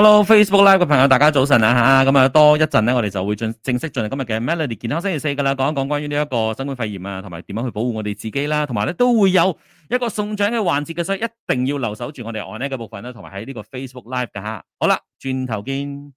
Hello Facebook Live 嘅朋友，大家早晨啊！吓，咁啊，多一陣咧，我哋就會進正式進入今日嘅 Melody 健康星期四噶啦，講一講關於呢一個新冠肺炎啊，同埋點樣去保護我哋自己啦，同埋咧都會有一個送獎嘅環節嘅，所以一定要留守住我哋 online 嘅部分啦，同埋喺呢個 Facebook Live 噶吓。好啦，轉頭見。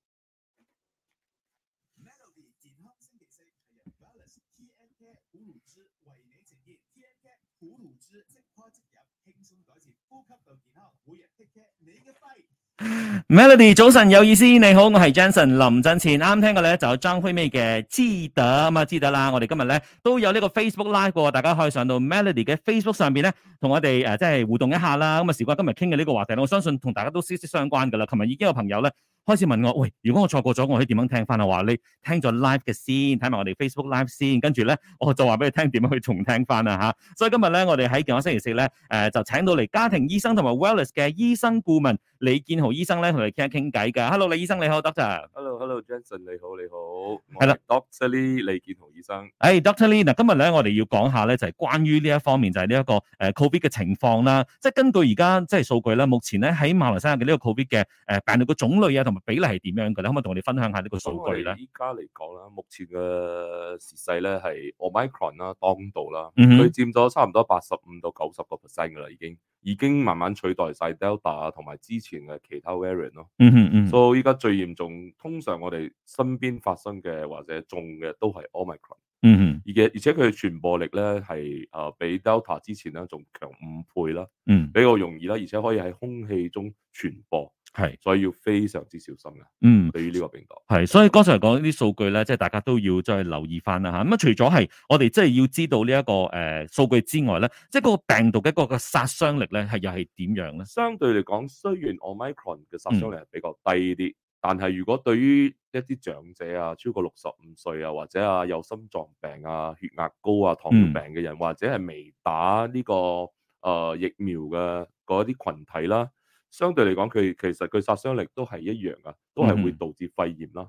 Melody 早晨有意思，你好，我係 Jenson 林振前啱聽嘅咧就有張輝眉嘅知得啊嘛知得啦，我哋今日咧都有呢個 Facebook Live 喎，大家可以上到 Melody 嘅 Facebook 上邊咧同我哋誒、呃、即係互動一下啦。咁啊事關今日傾嘅呢個話題，我相信同大家都息息相關噶啦。琴日已經有朋友咧。開始問我，喂！如果我錯過咗，我可以點樣聽翻啊？話你聽咗 live 嘅先，睇埋我哋 Facebook live 先，跟住咧，我就話俾你聽點樣去重聽翻啊嚇！所以今日咧，我哋喺健康星期四咧，誒、呃、就請到嚟家庭醫生同埋 Wellness 嘅醫生顧問李建豪醫生咧，同你傾一傾偈㗎。Hello 李醫生，你好，Doctor。Hello Hello Johnson，你好你好，係啦，Doctor Lee 李建豪。誒、hey,，Dr. Lee，嗱，今日咧我哋要講下咧就係、是、關於呢一方面就係呢一個誒、呃、，Covid 嘅情況啦。即係根據而家即係數據啦，目前咧喺馬來西亞嘅呢個 Covid 嘅誒、呃、病毒個種類啊，同埋比例係點樣嘅咧？可唔可以同我哋分享下呢個數據咧？依家嚟講啦，目前嘅時勢咧係 Omicron 啦、啊，當道啦、啊，佢佔咗差唔多八十五到九十個 percent 噶啦，已經。已經慢慢取代晒 Delta 同埋之前嘅其他 variant 咯、mm，嗯嗯嗯，所以依家最嚴重，通常我哋身邊發生嘅或者中嘅都係 Omicron，嗯嗯，而且而且佢嘅傳播力咧係誒比 Delta 之前咧仲強五倍啦，嗯、mm，hmm. 比較容易啦，而且可以喺空氣中傳播。係，是所以要非常之小心嘅。嗯，對於呢個病毒，係所以剛才講呢啲數據咧，即係大家都要再留意翻啦吓。咁、嗯、啊，除咗係我哋即係要知道呢、這、一個誒數、呃、據之外咧，即係個病毒嘅嗰個殺傷力咧，係又係點樣咧？相對嚟講，雖然 Omicron 嘅殺傷力係比較低啲，嗯、但係如果對於一啲長者啊、超過六十五歲啊，或者啊有心臟病啊、血壓高啊、糖尿病嘅人，嗯、或者係未打呢、這個誒、呃、疫苗嘅嗰一啲群體啦、啊。相對嚟講，佢其實佢殺傷力都係一樣噶，都係會導致肺炎啦。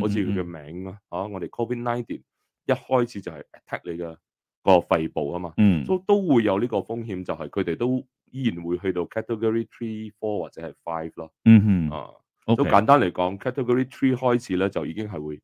好似佢嘅名、嗯、啊、吓、嗯、我哋 Covid Nineteen，一開始就係 attack 你嘅個肺部啊嘛，都、嗯、都會有呢個風險，就係佢哋都依然會去到 Category Three、Four 或者係 Five 咯。嗯哼，啊，都 Okay. 簡單嚟講，Category Three 開始咧就已經係會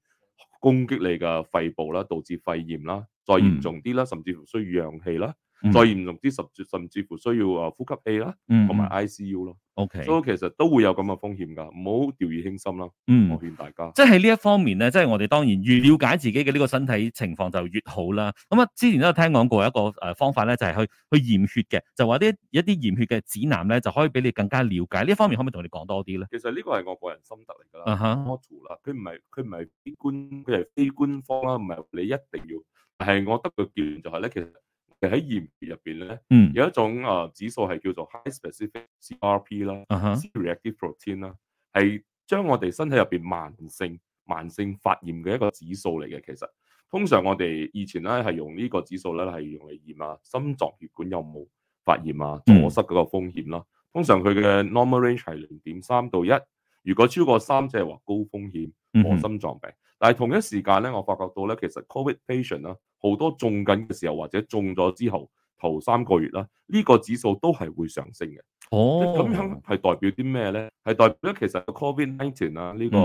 攻擊你嘅肺部啦，導致肺炎啦，再嚴重啲啦，甚至乎需要氧氣啦。嗯 Mm hmm. 再嚴重啲，甚至甚至乎需要誒呼吸器啦，mm，同埋 ICU 咯。OK，所以其實都會有咁嘅風險噶，唔好掉以輕心啦。嗯，mm，hmm. 我勸大家。即係呢一方面咧，即、就、係、是、我哋當然越了解自己嘅呢個身體情況就越好啦。咁啊，之前都有聽講過一個誒方法咧，就係、是、去去驗血嘅，就話啲一啲驗血嘅指南咧，就可以俾你更加了解呢方面，可唔可以同你哋講多啲咧？其實呢個係我個人心得嚟噶啦。啦，uh，佢唔係佢唔係官，佢係非官方啦，唔係你一定要。係我得個結論就係咧，其實。喺驗入邊咧，面呢嗯、有一種啊指數係叫做 high specific、uh huh. CRP 啦，C reactive protein 啦，係將我哋身體入邊慢性慢性發炎嘅一個指數嚟嘅。其實通常我哋以前咧係用呢個指數咧係用嚟驗啊心臟血管有冇發炎啊，阻塞嗰個風險啦。嗯、通常佢嘅 normal range 係零點三到一，如果超過三即係話高風險，我心臟病。嗯嗯但係同一時間咧，我發覺到咧，其實 Covid patient 啦，好、啊、多中緊嘅時候或者中咗之後頭三個月啦、啊，呢、這個指數都係會上升嘅。哦，咁樣係代表啲咩咧？係代表咧，其實 Covid nineteen 啦，呢、啊這個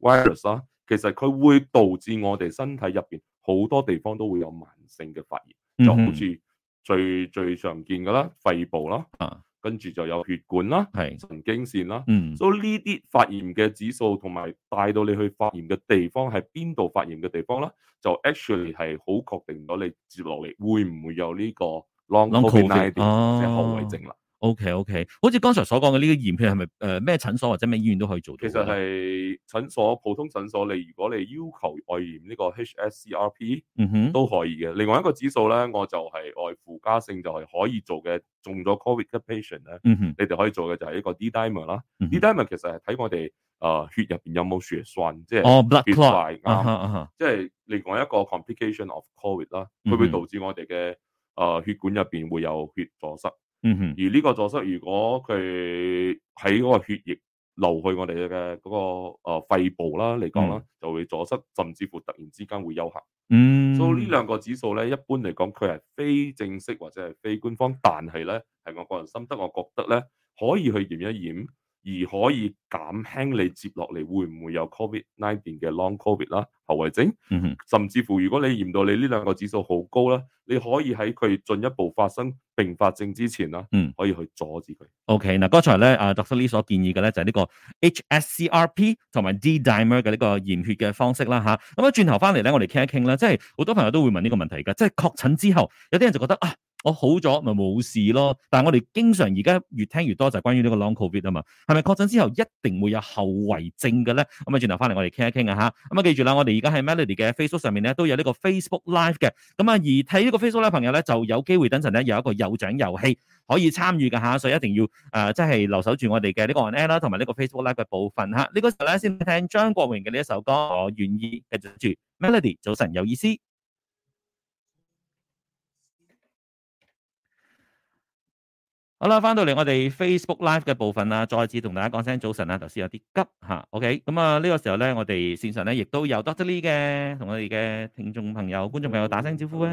virus 啦、啊，mm hmm. 其實佢會導致我哋身體入邊好多地方都會有慢性嘅發炎，就好似最、mm hmm. 最常見㗎啦，肺部啦。Uh huh. 跟住就有血管啦、是神經線啦，所以呢啲發炎嘅指數同埋帶到你去發炎嘅地方係邊度發炎嘅地方啦，就 actually 係好確定到你接落嚟會唔會有呢個 long covid 即係後遺症啦。啊 O K O K，好似剛才所講嘅呢啲驗血係咪誒咩診所或者咩醫院都可以做？其實係診所，普通診所，你如果你要求外驗呢個 H S C R P，都可以嘅。另外一個指數咧我就係、是、外附加性就係可以做嘅，中咗 Covid 嘅 patient 咧、嗯哼，你哋可以做嘅就係一個 D dimer 啦，D dimer、嗯、哼其實係睇我哋誒、呃、血入邊有冇血栓，即係 blood clot 即係另外一個 complication of Covid 啦，會唔會導致我哋嘅誒血管入邊會有血阻塞？嗯哼，而呢個阻塞如果佢喺嗰個血液流去我哋嘅嗰個誒肺部啦嚟講啦，嗯，就會阻塞，甚至乎突然之間會休克。嗯，所以呢兩個指數咧，一般嚟講佢係非正式或者係非官方，但係咧係我個人心得，我覺得咧可以去驗一驗。而可以減輕你接落嚟會唔會有 Covid 19嘅 Long Covid 啦後遺症，嗯、哼甚至乎如果你驗到你呢兩個指數好高啦，你可以喺佢進一步發生併發症之前啦，嗯、可以去阻止佢。OK，嗱，剛才咧啊，特生呢所建議嘅咧就係、是、呢個 HsCRP 同埋 D Dimer 嘅呢個驗血嘅方式啦吓，咁啊，轉頭翻嚟咧，我哋傾一傾啦，即係好多朋友都會問呢個問題嘅，即係確診之後有啲人就覺得啊。我好咗咪冇事咯，但係我哋經常而家越聽越多就係關於呢個 Long COVID 啊嘛，係咪確診之後一定會有後遺症嘅咧？咁啊轉頭翻嚟我哋傾一傾啊吓。咁啊記住啦，我哋而家喺 Melody 嘅 Facebook 上面咧都有呢個 Facebook Live 嘅，咁啊而睇呢個 Facebook Live 朋友咧就有機會等陣咧有一個有獎遊戲可以參與嘅吓。所以一定要誒即係留守住我哋嘅呢個 On Air 啦同埋呢個 Facebook Live 嘅部分吓。呢個時候咧先聽張國榮嘅呢一首歌，我願意。繼續住，Melody 早晨有意思。好啦，翻到嚟我哋 Facebook Live 嘅部分啊，再次同大家講聲早晨啦，頭先有啲急吓、啊、，OK，咁啊呢個時候咧，我哋線上咧亦都有 Dr Lee 嘅，同我哋嘅聽眾朋友、觀眾朋友打聲招呼啊，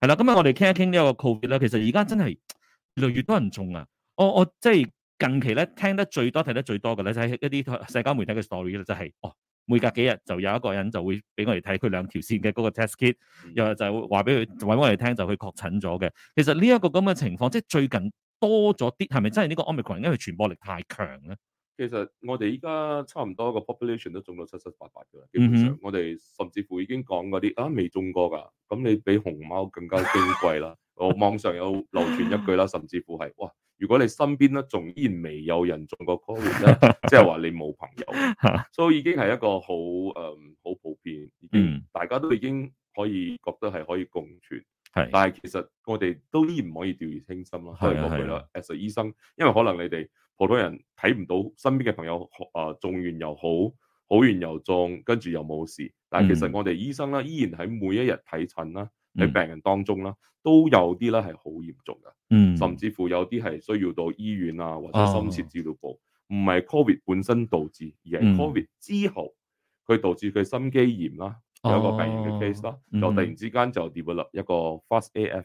係啦、嗯，今日我哋傾一傾呢個 Covid 啦，其實而家真係越嚟越多人中啊，我我即係、就是、近期咧聽得最多、睇得最多嘅咧就係、是、一啲社交媒體嘅 story 啦、就是，就係哦。每隔幾日就有一個人就會俾我哋睇佢兩條線嘅嗰個 test kit、嗯、又就話俾佢揾我哋聽就去確診咗嘅。其實呢一個咁嘅情況，即係最近多咗啲，係咪真係呢個 omicron 因為傳播力太強咧？其實我哋依家差唔多個 population 都中到七七八八㗎喇，基本上我哋甚至乎已經講嗰啲啊未中過㗎，咁你比熊貓更加矜貴啦。 我網上有流傳一句啦，甚至乎係哇。如果你身邊咧仲依然未有人中過 COVID 咧，即係話你冇朋友，所以、 so、已經係一個好誒好普遍，已經大家都已經可以覺得係可以共存，係。嗯、但係其實我哋都依然唔可以掉以輕心咯。係係係。As a doctor，因為可能你哋是、啊、普通人睇唔到身邊嘅朋友啊、呃、中完又好，好完又中，跟住又冇事。但係其實我哋醫生啦，依然喺每一日睇診啦，喺病人當中啦，都有啲咧係好嚴重嘅。嗯，甚至乎有啲係需要到醫院啊，或者深切治療部，唔係、哦、Covid 本身導致，而係 Covid 之後佢、嗯、導致佢心肌炎啦，哦、有一個病人嘅 case 啦、嗯，就突然之間就跌咗啦一個 FAST AF。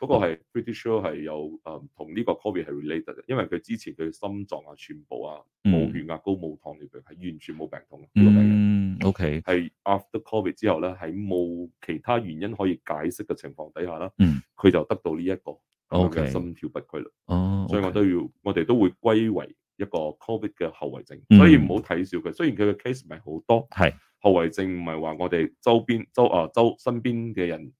嗰、嗯、個係 pretty sure 係有誒，同呢個 covid 係 related 嘅，因為佢之前佢心臟啊、全部啊、冇血壓高、冇糖尿病，係完全冇病痛。那個、嗯，OK，係 after covid 之後咧，喺冇其他原因可以解釋嘅情況底下啦，佢、嗯、就得到呢一個嘅心跳不規律。哦，okay. 所以我都要，我哋都會歸為一個 covid 嘅後遺症，所以唔好睇小佢。雖然佢嘅 case 唔係好多，係是後遺症唔係話我哋周邊周啊周身邊嘅人。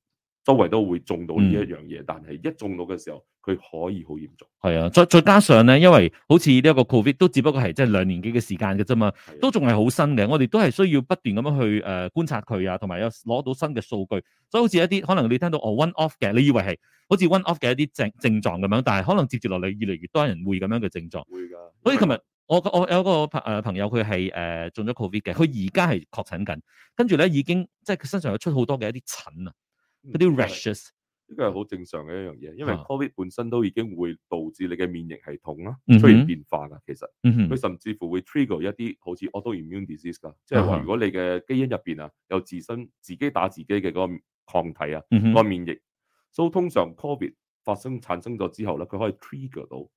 周圍都會中到呢一樣嘢，但係一中到嘅時候，佢可以好嚴重。係啊，再再加上咧，因為好似呢一個 Covid 都只不過係即係兩年幾嘅時間嘅啫嘛，的都仲係好新嘅。我哋都係需要不斷咁樣去誒觀察佢啊，同埋有攞到新嘅數據。所以好似一啲可能你聽到哦 one off 嘅，你以為係好似 one off 嘅一啲症症狀咁樣，但係可能接住落嚟越嚟越多人會咁樣嘅症狀。會噶的。所以琴日我我有一個朋誒朋友，佢係誒中咗 Covid 嘅，佢而家係確診緊，跟住咧已經即係佢身上有出好多嘅一啲疹啊。嗰啲 rashes 呢個係好正常嘅一樣嘢，因為 Covid 本身都已經會導致你嘅免疫系統啦出現變化啦，其實佢甚至乎會 trigger 一啲好似 autoimmune disease 噶，即係話如果你嘅基因入邊啊有自身自己打自己嘅嗰個抗體啊、嗰個免疫，所以通常 Covid 發生產生咗之後咧，佢可以 trigger 到。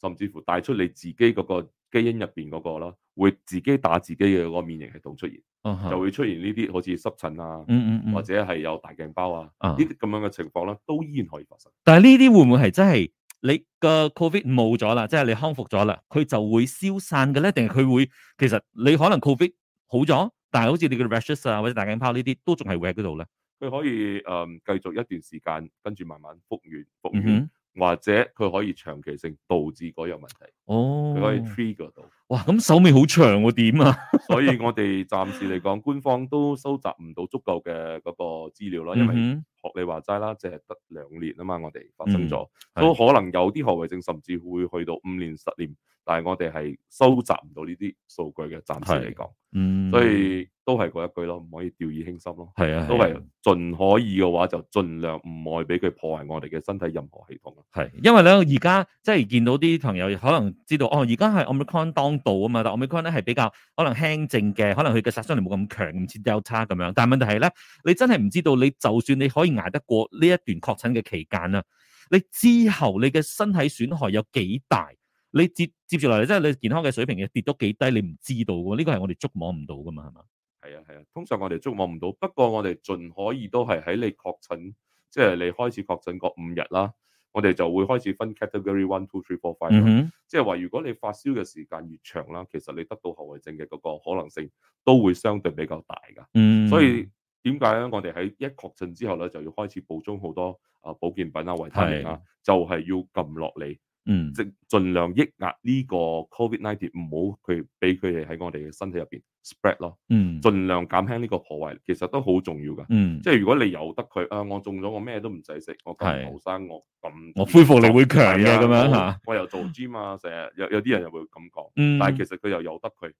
甚至乎帶出你自己嗰個基因入邊嗰個啦，會自己打自己嘅嗰個免疫系統出現，uh huh. 就會出現呢啲好似濕疹啊，uh huh. 或者係有大鏡包啊呢啲咁樣嘅情況啦，都依然可以發生。但係呢啲會唔會係真係你個 Covid 冇咗啦，即係你康復咗啦，佢就會消散嘅咧？定係佢會其實你可能 Covid 好咗，但係好似你嘅 rashes 啊或者大鏡泡呢啲都仲係會喺嗰度咧？佢可以誒繼續一段時間，跟住慢慢復原復原。或者佢可以長期性導致嗰樣問題，哦，佢可以 trigger 到。哇，咁手尾好長喎，點啊？ 所以我哋暫時嚟講，官方都收集唔到足夠嘅嗰個資料啦，因為、嗯、哼學你話齋啦，淨係得兩年啊嘛，我哋發生咗，都、嗯、可能有啲後遺症，甚至會去到五年、十年。但係我哋係收集唔到呢啲數據嘅，暫時嚟講，的所以都係嗰一句咯，唔可以掉以輕心咯。係啊的，都係盡可以嘅話，就盡量唔愛俾佢破壞我哋嘅身體任何系統啊。係，因為咧而家即係見到啲朋友可能知道哦，而家係 Omicron 當道啊嘛，但係 Omicron 咧係比較可能輕症嘅，可能佢嘅殺傷力冇咁強，唔似 Delta 咁樣。但係問題係咧，你真係唔知道，你就算你可以捱得過呢一段確診嘅期間啦，你之後你嘅身體損害有幾大？你接接住落嚟，即係你健康嘅水平嘅跌到幾低，你唔知道嘅，呢個係我哋捉摸唔到噶嘛，係嘛？係啊係啊，通常我哋捉摸唔到，不過我哋盡可以都係喺你確診，即係你開始確診嗰五日啦，我哋就會開始分 category one two three four five，、嗯、哼即係話如果你發燒嘅時間越長啦，其實你得到後遺症嘅嗰個可能性都會相對比較大噶。嗯、所以點解咧？我哋喺一確診之後咧，就要開始補充好多啊保健品啊維他命啊，是就係要撳落嚟。嗯，即盡量抑壓呢個 COVID nineteen 唔好佢俾佢哋喺我哋嘅身體入邊 spread 咯，嗯，盡量減輕呢個破壞，其實都好重要噶，嗯，即係如果你由得佢啊，我中咗我咩都唔使食，我咁後生我咁，我恢復力會強嘅咁樣吓，我又做 gym 啊，成日有有啲人又會咁講，嗯，但係其實佢又由得佢。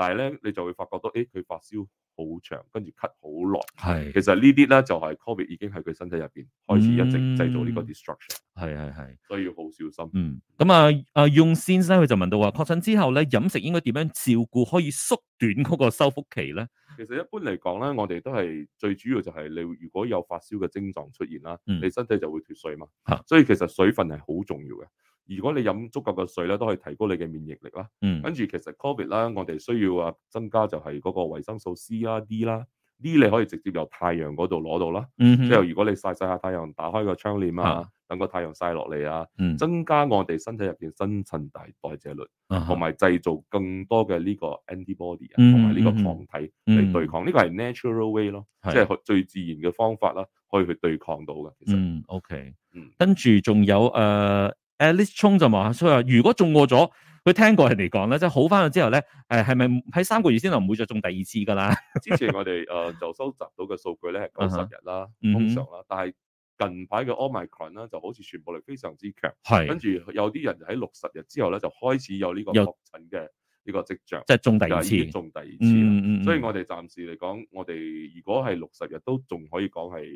但係咧，你就會發覺到，誒、哎，佢發燒好長，跟住咳好耐。係是，其實呢啲咧就係、是、COVID 已經喺佢身體入邊、嗯、開始一直製造呢個 destruction。係係係，所以要好小心。嗯，咁、嗯、啊，啊，用先生佢就問到話，確診之後咧，飲食應該點樣照顧，可以縮短嗰個修復期咧，其實一般嚟講咧，我哋都係最主要就係你如果有發燒嘅症狀出現啦，嗯、你身體就會脫水嘛，啊、所以其實水分係好重要嘅。如果你飲足夠嘅水咧，都可以提高你嘅免疫力啦。嗯，跟住其實 COVID 啦，我哋需要啊增加就係嗰個維生素 C 啊、D 啦。呢你可以直接由太陽嗰度攞到啦，嗯、哼即係如果你晒晒下太陽，打開個窗簾啊，等個太陽晒落嚟啊，啊嗯、增加我哋身體入邊新陳代謝率，同埋製造更多嘅呢個 antibody 啊、嗯，同埋呢個抗體嚟對抗，呢、嗯、個係 natural way 咯，是即係最自然嘅方法啦，可以去對抗到嘅。嗯，OK，嗯，嗯跟住仲有誒，Alice 冲就話，所、呃、以話如果中過咗。佢聽過人哋講咧，即係好返咗之後咧，誒係咪喺三個月先能唔會再中第二次噶啦？ 之前我哋誒就收集到嘅數據咧係九十日啦，uh huh. 通常啦，但係近排嘅奧米克隆咧就好似傳播力非常之強，係是跟住有啲人就喺六十日之後咧就開始有呢個確診嘅呢個跡象，即係中第二次，中第二次、uh huh. 所以我哋暫時嚟講，我哋如果係六十日都仲可以講係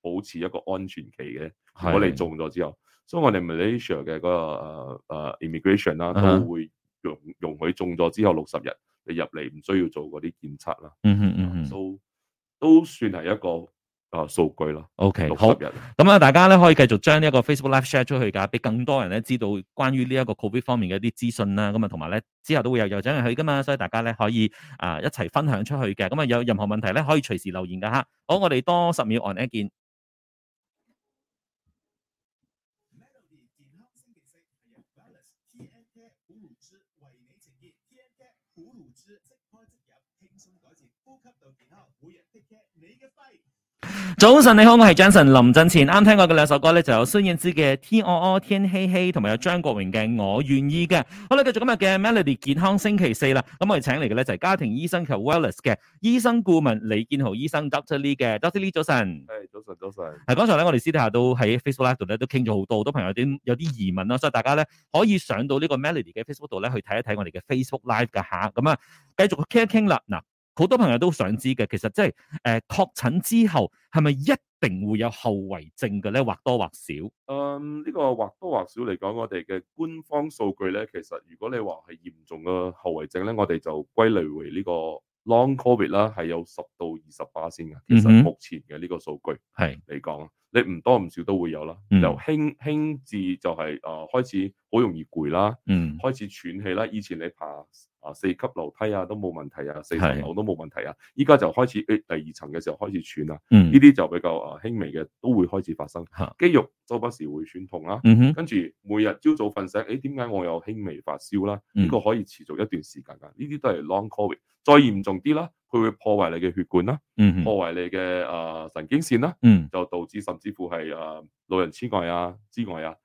保持一個安全期嘅，我哋是中咗之後。所以我哋 Malaysia 嘅嗰個誒誒 immigration 啦、uh，huh. 都會容容許中咗之後六十日你入嚟唔需要做嗰啲檢測啦。嗯嗯嗯都都算係一個誒數、uh, 據咯。O K，六十日。咁啊，大家咧可以繼續將呢一個 Facebook Live share 出去噶，俾更多人咧知道關於呢一個 Covid 方面嘅一啲資訊啦。咁啊，同埋咧之後都會有有獎嘅，去噶嘛。所以大家咧可以啊、uh, 一齊分享出去嘅。咁啊，有任何問題咧可以隨時留言噶吓。好、哦，我哋多十秒，one a n 見。早晨，你好，我係 Jensen 林振前。啱聽過嘅兩首歌咧，就有孫燕姿嘅《天喔喔天黑黑》，同埋有張國榮嘅《我願意》嘅。好啦，繼續今日嘅 Melody 健康星期四啦。咁我哋請嚟嘅咧就係家庭醫生及 Wellness 嘅醫生顧問李建豪醫生 Doctor Lee 嘅。Doctor Lee 早晨，係早晨早晨。係剛才咧，我哋私底下都喺 Facebook Live 度咧都傾咗好多，好多朋友有啲疑問啦，所以大家咧可以上到呢個 Melody 嘅 Facebook 度咧去睇一睇我哋嘅 Facebook Live 嘅下。咁啊，繼續傾一傾啦。嗱。好多朋友都想知嘅，其實即係誒確診之後係咪一定會有後遺症嘅咧？或多或少？誒呢、嗯呢個或多或少嚟講，我哋嘅官方數據咧，其實如果你話係嚴重嘅後遺症咧，我哋就歸類為呢個 long covid 啦，係有十到二十巴仙嘅。其實目前嘅呢個數據係嚟講，嗯嗯你唔多唔少都會有啦。由輕輕至就係、是、誒、呃、開始好容易攰啦，嗯、開始喘氣啦。以前你爬。啊，四級樓梯啊，都冇問題啊，四層樓都冇問題啊，依家的就開始，誒第二層嘅時候開始喘啊，呢啲、嗯、就比較誒輕微嘅，都會開始發生，肌肉周不時會酸痛啦、啊，嗯、哼跟住每日朝早瞓醒，誒點解我有輕微發燒啦、啊？呢個、嗯、可以持續一段時間㗎，呢啲都係 Long Covid，再嚴重啲啦，佢會破壞你嘅血管啦、啊，嗯、哼破壞你嘅誒、呃、神經線啦、啊，就導致甚至乎係誒、呃、老人痴呆啊之外啊，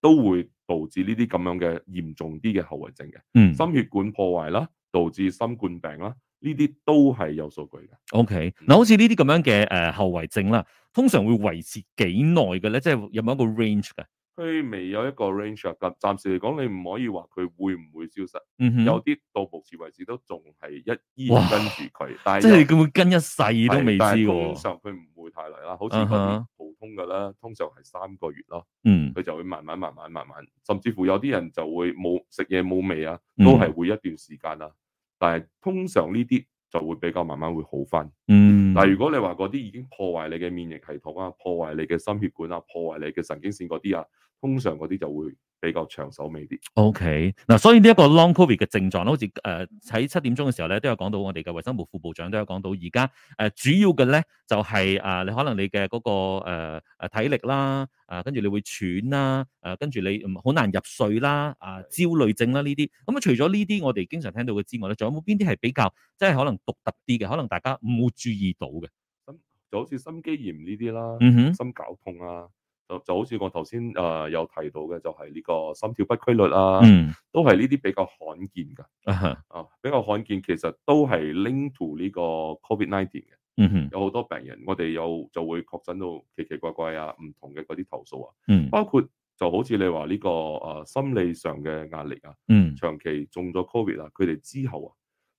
都會。導致呢啲咁樣嘅嚴重啲嘅後遺症嘅，嗯，心血管破壞啦，導致心冠病啦，呢啲都係有數據嘅。OK，嗱，好似呢啲咁樣嘅誒後遺症啦，通常會維持幾耐嘅咧，即係有冇一個 range 嘅？佢未有一個 range 嘅，暫時嚟講你唔可以話佢會唔會消失，嗯、哼有啲到目前為止都仲係一煙跟住佢，哇但係即係佢會跟一世都未知嘅、uh huh。通常佢唔會太嚟啦，好似啲普通嘅啦，通常係三個月咯，嗯，佢就會慢慢慢慢慢慢，甚至乎有啲人就會冇食嘢冇味啊，都係會一段時間啦，但係通常呢啲。就會比較慢慢會好翻。嗯，但係如果你話嗰啲已經破壞你嘅免疫系統啊，破壞你嘅心血管啊，破壞你嘅神經線嗰啲啊。通常嗰啲就會比較長手尾啲。OK，嗱，所以呢一個 long covid 嘅症狀咧，好似誒喺七點鐘嘅時候咧，都有講到，我哋嘅衛生部副部長都有講到，而家誒主要嘅咧就係誒你可能你嘅嗰、那個誒誒、呃、體力啦，誒、呃、跟住你會喘啦，誒、呃、跟住你好難入睡啦，啊、呃、焦慮症啦呢啲。咁啊、嗯嗯，除咗呢啲我哋經常聽到嘅之外咧，仲有冇邊啲係比較即係可能獨特啲嘅？可能大家冇注意到嘅，就好似心肌炎呢啲啦，嗯哼、mm，hmm. 心絞痛啊。就好似我頭先誒有提到嘅，就係呢個心跳不規律啊，mm hmm. 都係呢啲比較罕見嘅、uh huh. 啊，比較罕見，其實都係 link to 呢個 Covid Nineteen 嘅，19 mm hmm. 有好多病人，我哋有就會確診到奇奇怪怪，怪啊，唔同嘅嗰啲投訴啊，mm hmm. 包括就好似你話呢、這個誒、呃、心理上嘅壓力啊，mm hmm. 長期中咗 Covid 啊，佢哋之後啊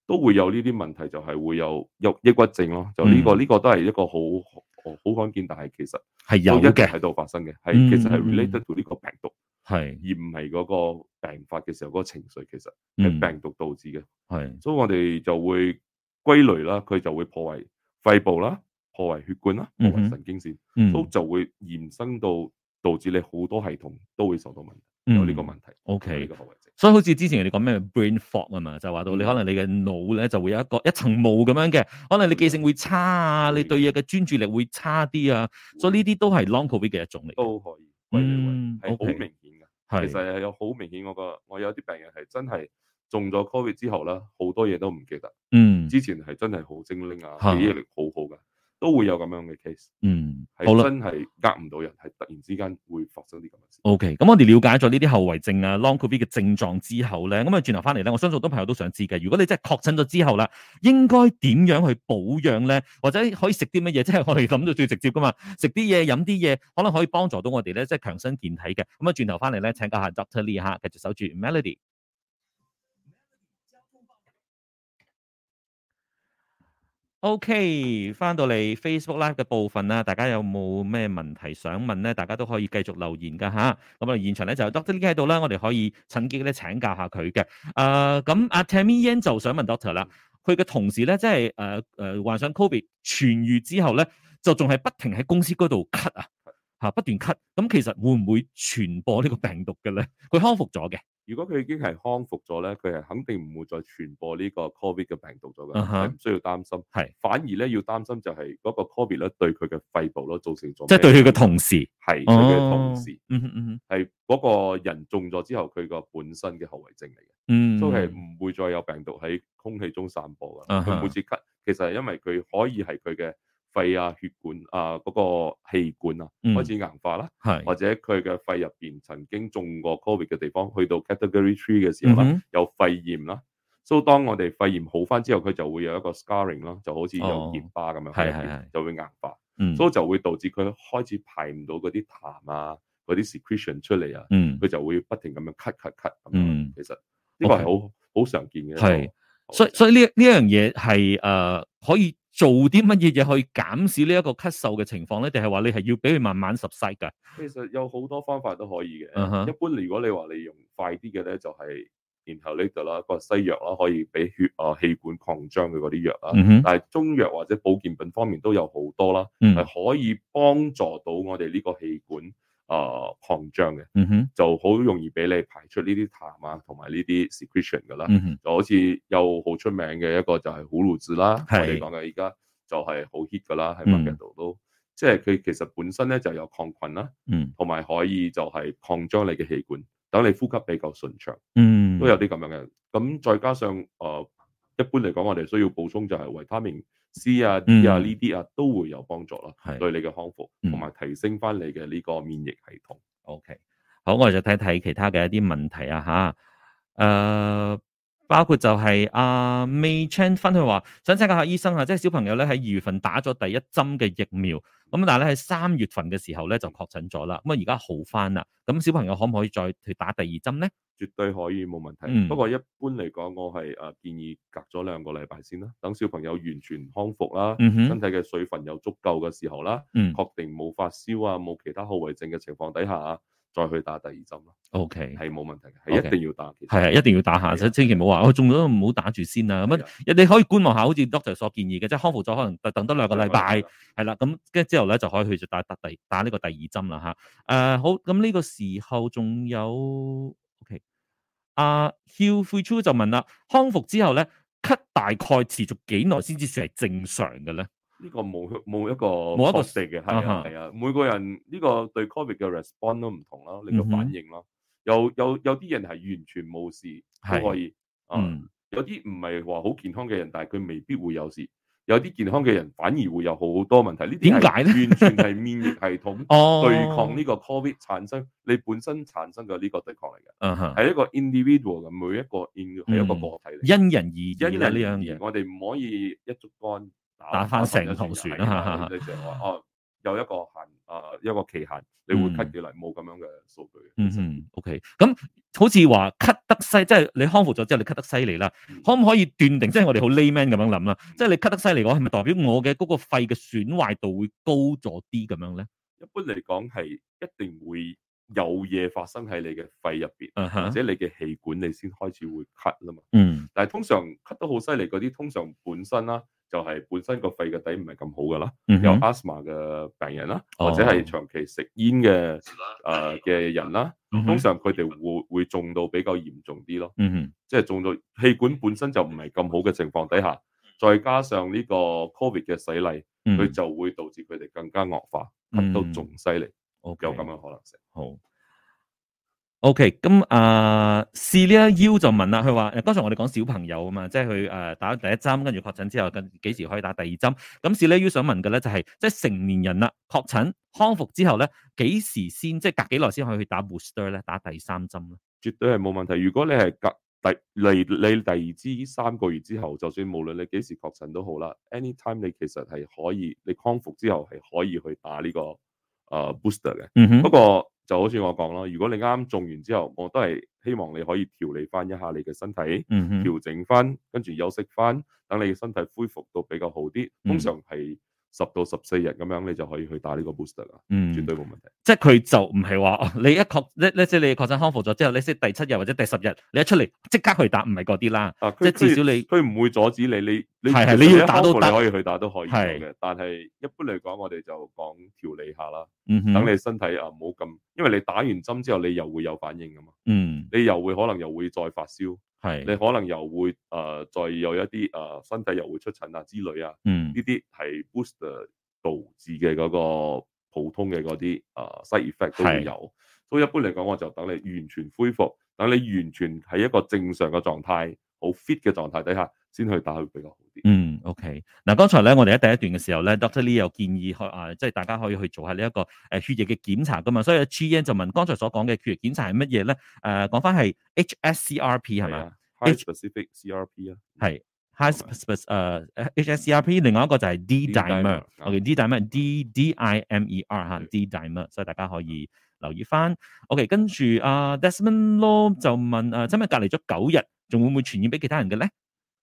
都會有呢啲問題，就係、是、會有有抑鬱症咯、啊，就呢、這個呢個都係一個好。Mm mm 哦，好罕見，但係其實係有一嘅喺度發生嘅，係其實係 related to 呢、嗯、個病毒，係是而唔係嗰個病發嘅時候嗰、那個情緒，其實係病毒導致嘅，係是，所以我哋就會歸類啦，佢就會破壞肺部啦，破壞血管啦，破壞神經線，都、嗯嗯、就會延伸到。導致你好多系統都會受到問題，嗯、有呢個問題。嗯、o、okay. K，所以好似之前人哋講咩 brain fog 啊嘛，就話到你可能你嘅腦咧就會有一個一層霧咁樣嘅，可能你記性會差啊，嗯、你對嘢嘅專注力會差啲啊，嗯、所以呢啲都係 long covid 嘅一種嚟。都可以，可以嗯，好明顯噶，係，其實係有好明顯。我個我有啲病人係真係中咗 covid 之後咧，好多嘢都唔記得。嗯，之前係真係好精靈啊，記憶力好好噶。都會有咁樣嘅 case，嗯，係真係呃唔到人，係突然之間會發生啲咁嘅事。OK，咁我哋了解咗呢啲後遺症啊，Long Covid 嘅症狀之後咧，咁啊轉頭翻嚟咧，我相信好多朋友都想知嘅。如果你真係確診咗之後啦，應該點樣去保養咧，或者可以食啲乜嘢？即係我哋諗到最直接噶嘛，食啲嘢飲啲嘢，可能可以幫助到我哋咧，即係強身健體嘅。咁啊轉頭翻嚟咧，請教下 Doctor Lee 嚇，繼續守住 Melody。O.K. 翻到嚟 Facebook Live 嘅部分啦，大家有冇咩問題想問咧？大家都可以繼續留言噶吓。咁我哋現場咧就有 Doctor Lee 喺度啦，我哋可以趁機咧請教下佢嘅。誒、呃，咁、啊、阿 Tammy Yan 就想問 Doctor 啦，佢嘅同事咧，即係誒誒、呃、患上、呃、Covid 痊癒之後咧，就仲係不停喺公司嗰度咳啊。吓，不斷咳，咁其實會唔會傳播呢個病毒嘅咧？佢康復咗嘅，如果佢已經係康復咗咧，佢係肯定唔會再傳播呢個 COVID 嘅病毒咗嘅，係唔、uh huh. 需要擔心。係是，反而咧要擔心就係嗰個 COVID 咧對佢嘅肺部咯造成咗，即係對佢嘅同事，係佢嘅同事，嗯係嗰個人中咗之後佢個本身嘅後遺症嚟嘅，嗯、uh，huh. 所以係唔會再有病毒喺空氣中散播噶，佢、uh huh. 每次咳，其實係因為佢可以係佢嘅。肺啊，血管啊，嗰個氣管啊，開始硬化啦，或者佢嘅肺入邊曾經中過 Covid 嘅地方，去到 Category 3嘅時候啦，有肺炎啦，所以當我哋肺炎好翻之後，佢就會有一個 scarring 咯，就好似有結疤咁樣，係係係，就會硬化，所以就會導致佢開始排唔到嗰啲痰啊，嗰啲 secretion 出嚟啊，佢就會不停咁樣咳咳咳咁樣。其實呢個係好好常見嘅，係，所以所以呢呢樣嘢係誒可以。做啲乜嘢嘢去減少呢一個咳嗽嘅情況咧？定係話你係要俾佢慢慢吸收噶？其實有好多方法都可以嘅。Uh huh. 一般如果你話你用快啲嘅咧，就係然後呢度啦，個西藥啦，可以俾血啊氣管擴張嘅嗰啲藥啦。Uh huh. 但係中藥或者保健品方面都有好多啦，係、uh huh. 可以幫助到我哋呢個氣管。啊，擴張嘅，嗯哼，mm hmm. 就好容易俾你排出呢啲痰啊，同埋呢啲 secretion 噶啦，mm hmm. 就好似有好出名嘅一個就係古魯治啦，是我哋講嘅而家就係好 hit 噶啦，喺 market 度都，mm hmm. 即係佢其實本身咧就是、有抗菌啦，嗯、mm，同、hmm. 埋可以就係擴張你嘅氣管，等你呼吸比較順暢。嗯、mm，hmm. 都有啲咁樣嘅，咁再加上啊、呃，一般嚟講我哋需要補充就係維他命。C 啊 D 啊呢啲、嗯、啊都會有幫助咯，係對你嘅康復同埋提升翻你嘅呢個免疫系統。OK，好，我哋就睇睇其他嘅一啲問題啊吓，誒。呃包括就係阿 May Chan 分享話，啊、想請教下醫生啊，即係小朋友咧喺二月份打咗第一針嘅疫苗，咁但係咧喺三月份嘅時候咧就確診咗啦，咁而家好翻啦，咁小朋友可唔可以再去打第二針咧？絕對可以冇問題，嗯、不過一般嚟講，我係誒建議隔咗兩個禮拜先啦，等小朋友完全康復啦，嗯、哼身體嘅水分有足夠嘅時候啦，確定冇發燒啊，冇其他後遺症嘅情況底下。再去打第二針咯，OK 係冇問題嘅，係 Okay. 一定要打，係係一定要打下，所以的千祈唔好話我中咗唔好打住先啦，啊。咁啊的，你可以觀望下，好似 Doctor 所建議嘅，即係康復咗可能等等多兩個禮拜，係啦的，咁跟住之後咧就可以去就打打第打呢個第二針啦吓。誒、啊，好，咁呢個時候仲有，OK，阿 Hugh Fritsch 就問啦，康復之後咧咳大概持續幾耐先至算係正常嘅咧？呢個冇冇一個冇一個定嘅，係啊係啊，每個人呢個對 covid 嘅 respond 都唔同啦，你個反應咯。有有有啲人係完全冇事都可以，嗯，有啲唔係話好健康嘅人，但係佢未必會有事。有啲健康嘅人反而會有好多問題。呢點解咧？完全係免疫系統對抗呢個 covid 產生，你本身產生嘅呢個對抗嚟嘅，嗯係一個 individual 嘅，每一個係一個個體嚟，因人而因人呢樣嘢，我哋唔可以一竹篙，打翻成個船啦！即係話哦，有一個限，誒一個期限，你會咳幾嚟，冇咁樣嘅數據。嗯嗯，OK。咁好似話咳得犀，即係你康復咗之後，你咳得犀利啦。可唔可以斷定？即係我哋好 layman 咁樣諗啦，即係你咳得犀利嘅話，係咪代表我嘅嗰個肺嘅損壞度會高咗啲咁樣咧？一般嚟講係一定會有嘢發生喺你嘅肺入邊，或者你嘅氣管，你先開始會咳吖嘛。嗯。但係通常咳得好犀利嗰啲，通常本身啦。就係本身個肺嘅底唔係咁好噶啦，嗯、哼有 asthma 嘅病人啦，哦、或者係長期食煙嘅誒嘅人啦，嗯、哼通常佢哋會會中到比較嚴重啲咯。嗯哼，即係中到氣管本身就唔係咁好嘅情況底下，再加上呢個 covid 嘅洗禮，佢、嗯、哼就會導致佢哋更加惡化，都仲犀利，嗯、哼有咁嘅可能性。好。OK，咁啊 Celia U 就問啦，佢話，誒，剛才我哋講小朋友啊嘛，即係佢誒打第一針，跟住確診之後，跟住幾時可以打第二針？咁 Celia U 想問嘅咧，就係、是、即係成年人啦，確診康復之後咧，幾時先即係隔幾耐先可以去打 booster 咧？打第三針咧？絕對係冇問題。如果你係隔第嚟，你第二支三個月之後，就算無論你幾時確診都好啦，any time 你其實係可以，你康復之後係可以去打呢、這個誒、uh, booster 嘅。哼、mm，不過。就好似我講啦，如果你啱種完之後，我都係希望你可以調理翻一下你嘅身體，調、mm hmm. 整翻，跟住休息翻，等你嘅身體恢復到比較好啲，通常係，十到十四日咁樣，你就可以去打呢個 booster 啦，嗯、絕對冇問題。即係佢就唔係話你一確呢呢即係你確診康復咗之後，你識第七日或者第十日，你一出嚟即刻去打，唔係嗰啲啦。啊、即係至少你佢唔會阻止你，你係係你要打都可以去打都可以嘅。是但係一般嚟講，我哋就講調理下啦。等、嗯、哼你身體啊，唔好咁，因為你打完針之後，你又會有反應噶嘛。嗯、你又會可能又會再發燒。係，你可能又會誒、呃，再有一啲誒、呃，身體又會出疹啊之類啊，嗯，呢啲係 booster 導致嘅嗰個普通嘅嗰啲誒、呃、side effect 都會有，是的 所以一般嚟講，我就等你完全恢復，等你完全喺一個正常嘅狀態，好 fit 嘅狀態底下。先去打會比較好啲。嗯，OK。嗱、啊，剛才咧，我哋喺第一段嘅時候咧，Dr. Lee 又建議去啊，即係大家可以去做下呢、這、一個誒、啊、血液嘅檢查噶嘛。所以 g n 就問剛才所講嘅血液檢查係乜嘢咧？誒、啊，講翻係 HSCRP 係咪 High specific CRP 啊，係是 HSCRP 另外一個就係 D-dimer。D-dimer，D-dimer，O.K. D-dimer，D-D-I-M-E-R 吓，D-dimer。所以大家可以留意翻。O.K. 跟住啊，Desmond Law 就問啊，今日隔離咗九日，仲、啊、會唔會傳染俾其他人嘅咧？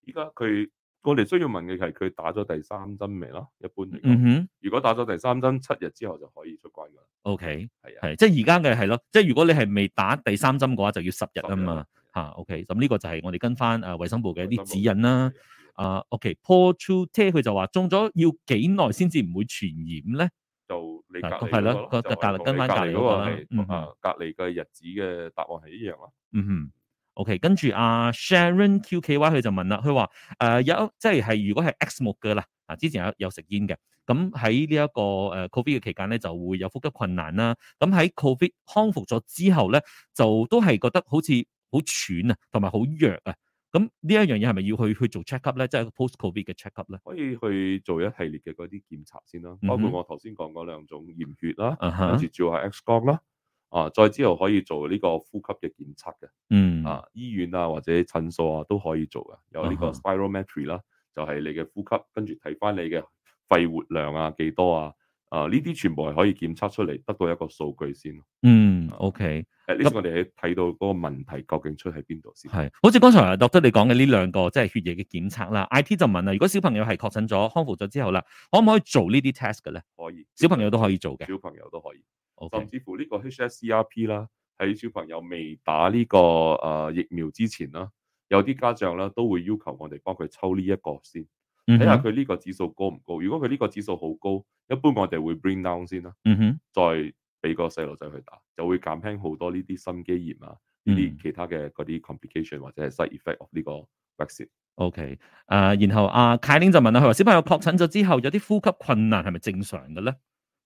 而家佢，我哋需要問嘅係佢打咗第三針未啦？一般嚟講，嗯、哼如果打咗第三針，七日之後就可以出關噶啦。OK，係啊，啊，即係而家嘅係咯，即係如果你係未打第三針嘅話，就要十日啊嘛。吓日、啊、，OK，咁呢個就係我哋跟翻誒衛生部嘅一啲指引啦、啊。嗯、哼啊 OK，Poor True，即佢就話中咗要幾耐先至唔會傳染咧？就你隔籬嗰、那個，係隔籬跟翻隔籬個，隔籬嘅日子嘅答案係一樣啊。嗯哼。OK，跟住阿 Sharon QKY 佢就問啦，佢話誒有即係係如果係 X 目嘅啦，啊之前有有食煙嘅，咁喺呢一個誒 Covid 嘅期間咧就會有呼吸困難啦，咁喺 Covid 康復咗之後咧就都係覺得好似好喘啊，同埋好弱啊，咁呢一樣嘢係咪要去去做 check up 咧，即係 post Covid 嘅 check up 咧？可以去做一系列嘅嗰啲檢查先啦，包括我頭先講嗰兩種驗血啦，跟住、uh huh. 做下 X 光啦。啊，再之後可以做呢個呼吸嘅檢測嘅，嗯啊，醫院啊或者診所啊都可以做噶，有呢個 Spirometry 啦，啊，嗯，就係你嘅呼吸，跟住睇翻你嘅肺活量啊幾多啊，啊呢啲全部係可以檢測出嚟，得到一個數據先。啊，嗯，OK，誒，咁，啊，我哋睇到嗰個問題究竟出喺邊度先？係，好似剛才洛德你講嘅呢兩個，即、就、係、是、血液嘅檢測啦。IT 就問啦，如果小朋友係確診咗康復咗之後啦，可唔可以做呢啲 test 嘅咧？可以，小朋友都可以做嘅，小朋友都可以。Okay. 甚至乎個呢個 HSCRP 啦，喺小朋友未打呢、這個誒、呃、疫苗之前啦，有啲家長咧都會要求我哋幫佢抽呢一個先，睇下佢呢個指數高唔高？如果佢呢個指數好高，一般我哋會 bring down 先啦，嗯哼、mm，hmm. 再俾個細路仔去打，就會減輕好多呢啲心肌炎啊，呢啲、mm hmm. 其他嘅嗰啲 complication 或者係 side effect of 呢個 vaccine。OK，誒、uh,，然後阿、uh, Kaitlin 就問啦，佢話小朋友確診咗之後有啲呼吸困難係咪正常嘅咧？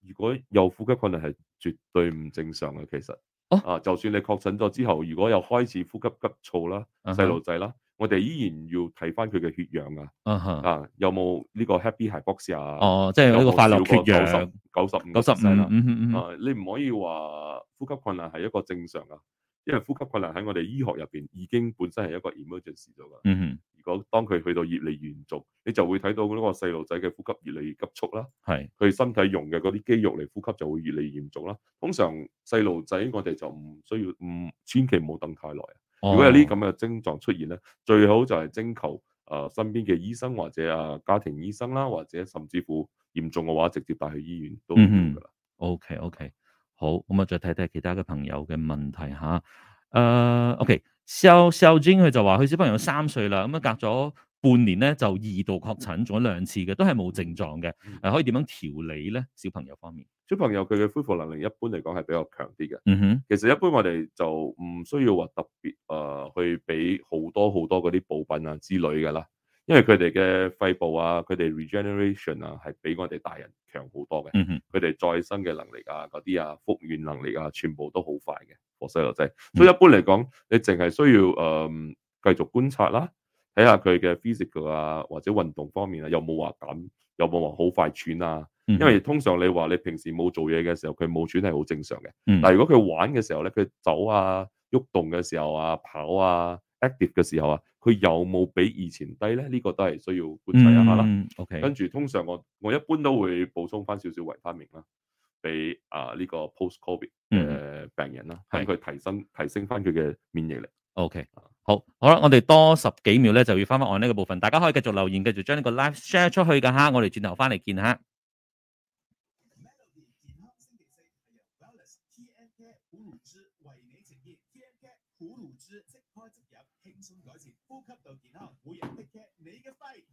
如果有呼吸困難係絕對唔正常嘅。其實啊，啊，就算你確診咗之後，如果有開始呼吸急促啦，細路仔啦，我哋依然要睇翻佢嘅血氧啊，uh huh. 啊，有冇呢個 happy hypoxia，uh huh. 啊。哦，即係呢個快樂缺氧九十五九十五，啊，你唔可以話呼吸困難係一個正常噶，因為呼吸困難喺我哋醫學入邊已經本身係一個 emergency 咗噶。Uh huh. 如果當佢去到越嚟越嚴重，你就會睇到嗰個細路仔嘅呼吸越嚟越急促啦。係佢是身體用嘅嗰啲肌肉嚟呼吸就會越嚟越嚴重啦。通常細路仔我哋就唔需要，唔千祈唔好等太耐。哦、如果有啲咁嘅症狀出現咧，最好就係徵求啊身邊嘅醫生或者啊家庭醫生啦，或者甚至乎嚴重嘅話直接帶去醫院都唔噶啦。OK OK 好，咁啊再睇睇其他嘅朋友嘅問題吓。誒、uh, OK。肖 e l 佢就話佢小朋友三歲啦，咁啊隔咗半年咧就二度確診，做咗兩次嘅，都係冇症狀嘅，係可以點樣調理咧？小朋友方面，小朋友佢嘅恢復能力一般嚟講係比較強啲嘅。嗯哼，其實一般我哋就唔需要話特別誒、呃、去俾好多好多嗰啲補品啊之類嘅啦。因為佢哋嘅肺部啊，佢哋 regeneration 啊，係比我哋大人強好多嘅。佢哋、嗯、哼再生嘅能力啊，嗰啲啊，復原能力啊，全部都好快嘅。我細路仔，嗯、哼所以一般嚟講，你淨係需要誒繼、呃、續觀察啦、啊，睇下佢嘅 physical 啊，或者運動方面啊，有冇話噉，有冇話好快喘啊？嗯、哼因為通常你話你平時冇做嘢嘅時候，佢冇喘係好正常嘅。嗯、哼但係如果佢玩嘅時候咧，佢走啊、喐動嘅時候啊、跑啊。active 嘅時候啊，佢有冇比以前低咧？呢、這個都係需要觀察一下啦、嗯。OK，跟住通常我我一般都會補充翻少少維他命啦，俾啊呢、這個 post COVID 嘅病人啦，等佢、嗯、提升是提升翻佢嘅免疫力。OK、啊、好好啦，我哋多十幾秒咧就要翻翻按呢個部分，大家可以繼續留言，繼續將呢個 live share 出去噶吓，我哋轉頭翻嚟見吓。呼吸健康，嘅你肺。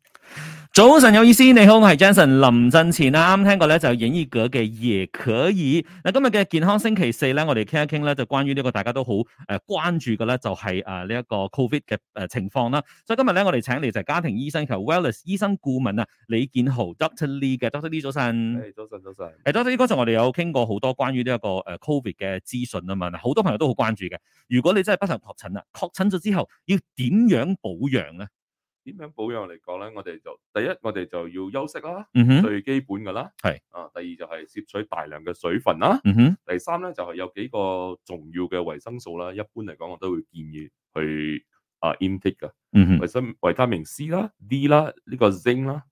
早晨有意思，你好，我係 Jensen 林振前啦。啱聽過咧就影藝格嘅嘢可以。嗱，今日嘅健康星期四咧，我哋傾一傾咧就關於呢個大家都好誒關注嘅咧就係誒呢一個 covid 嘅誒情況啦。所以今日咧我哋請嚟就係家庭醫生，其實 Wallace 醫生顧問啊李建豪 Doctor Lee 嘅 Doctor Lee 早晨，hey, 早晨，早晨早晨，誒、hey, Doctor Lee 剛才我哋有傾過好多關於呢一個誒 covid 嘅資訊啊嘛。嗱，好多朋友都好關注嘅。如果你真係不幸確診啦，確診咗之後要點樣？保養咧，點樣保養嚟講咧？我哋就第一，我哋就要休息啦，最基本噶啦。係啊，第二就係攝取大量嘅水分啦。嗯哼，第三咧就係有幾個重要嘅維生素啦。一般嚟講，我都會建議去啊，intake 噶。嗯哼，維生維他命 C 啦、D 啦、呢個鋅啦、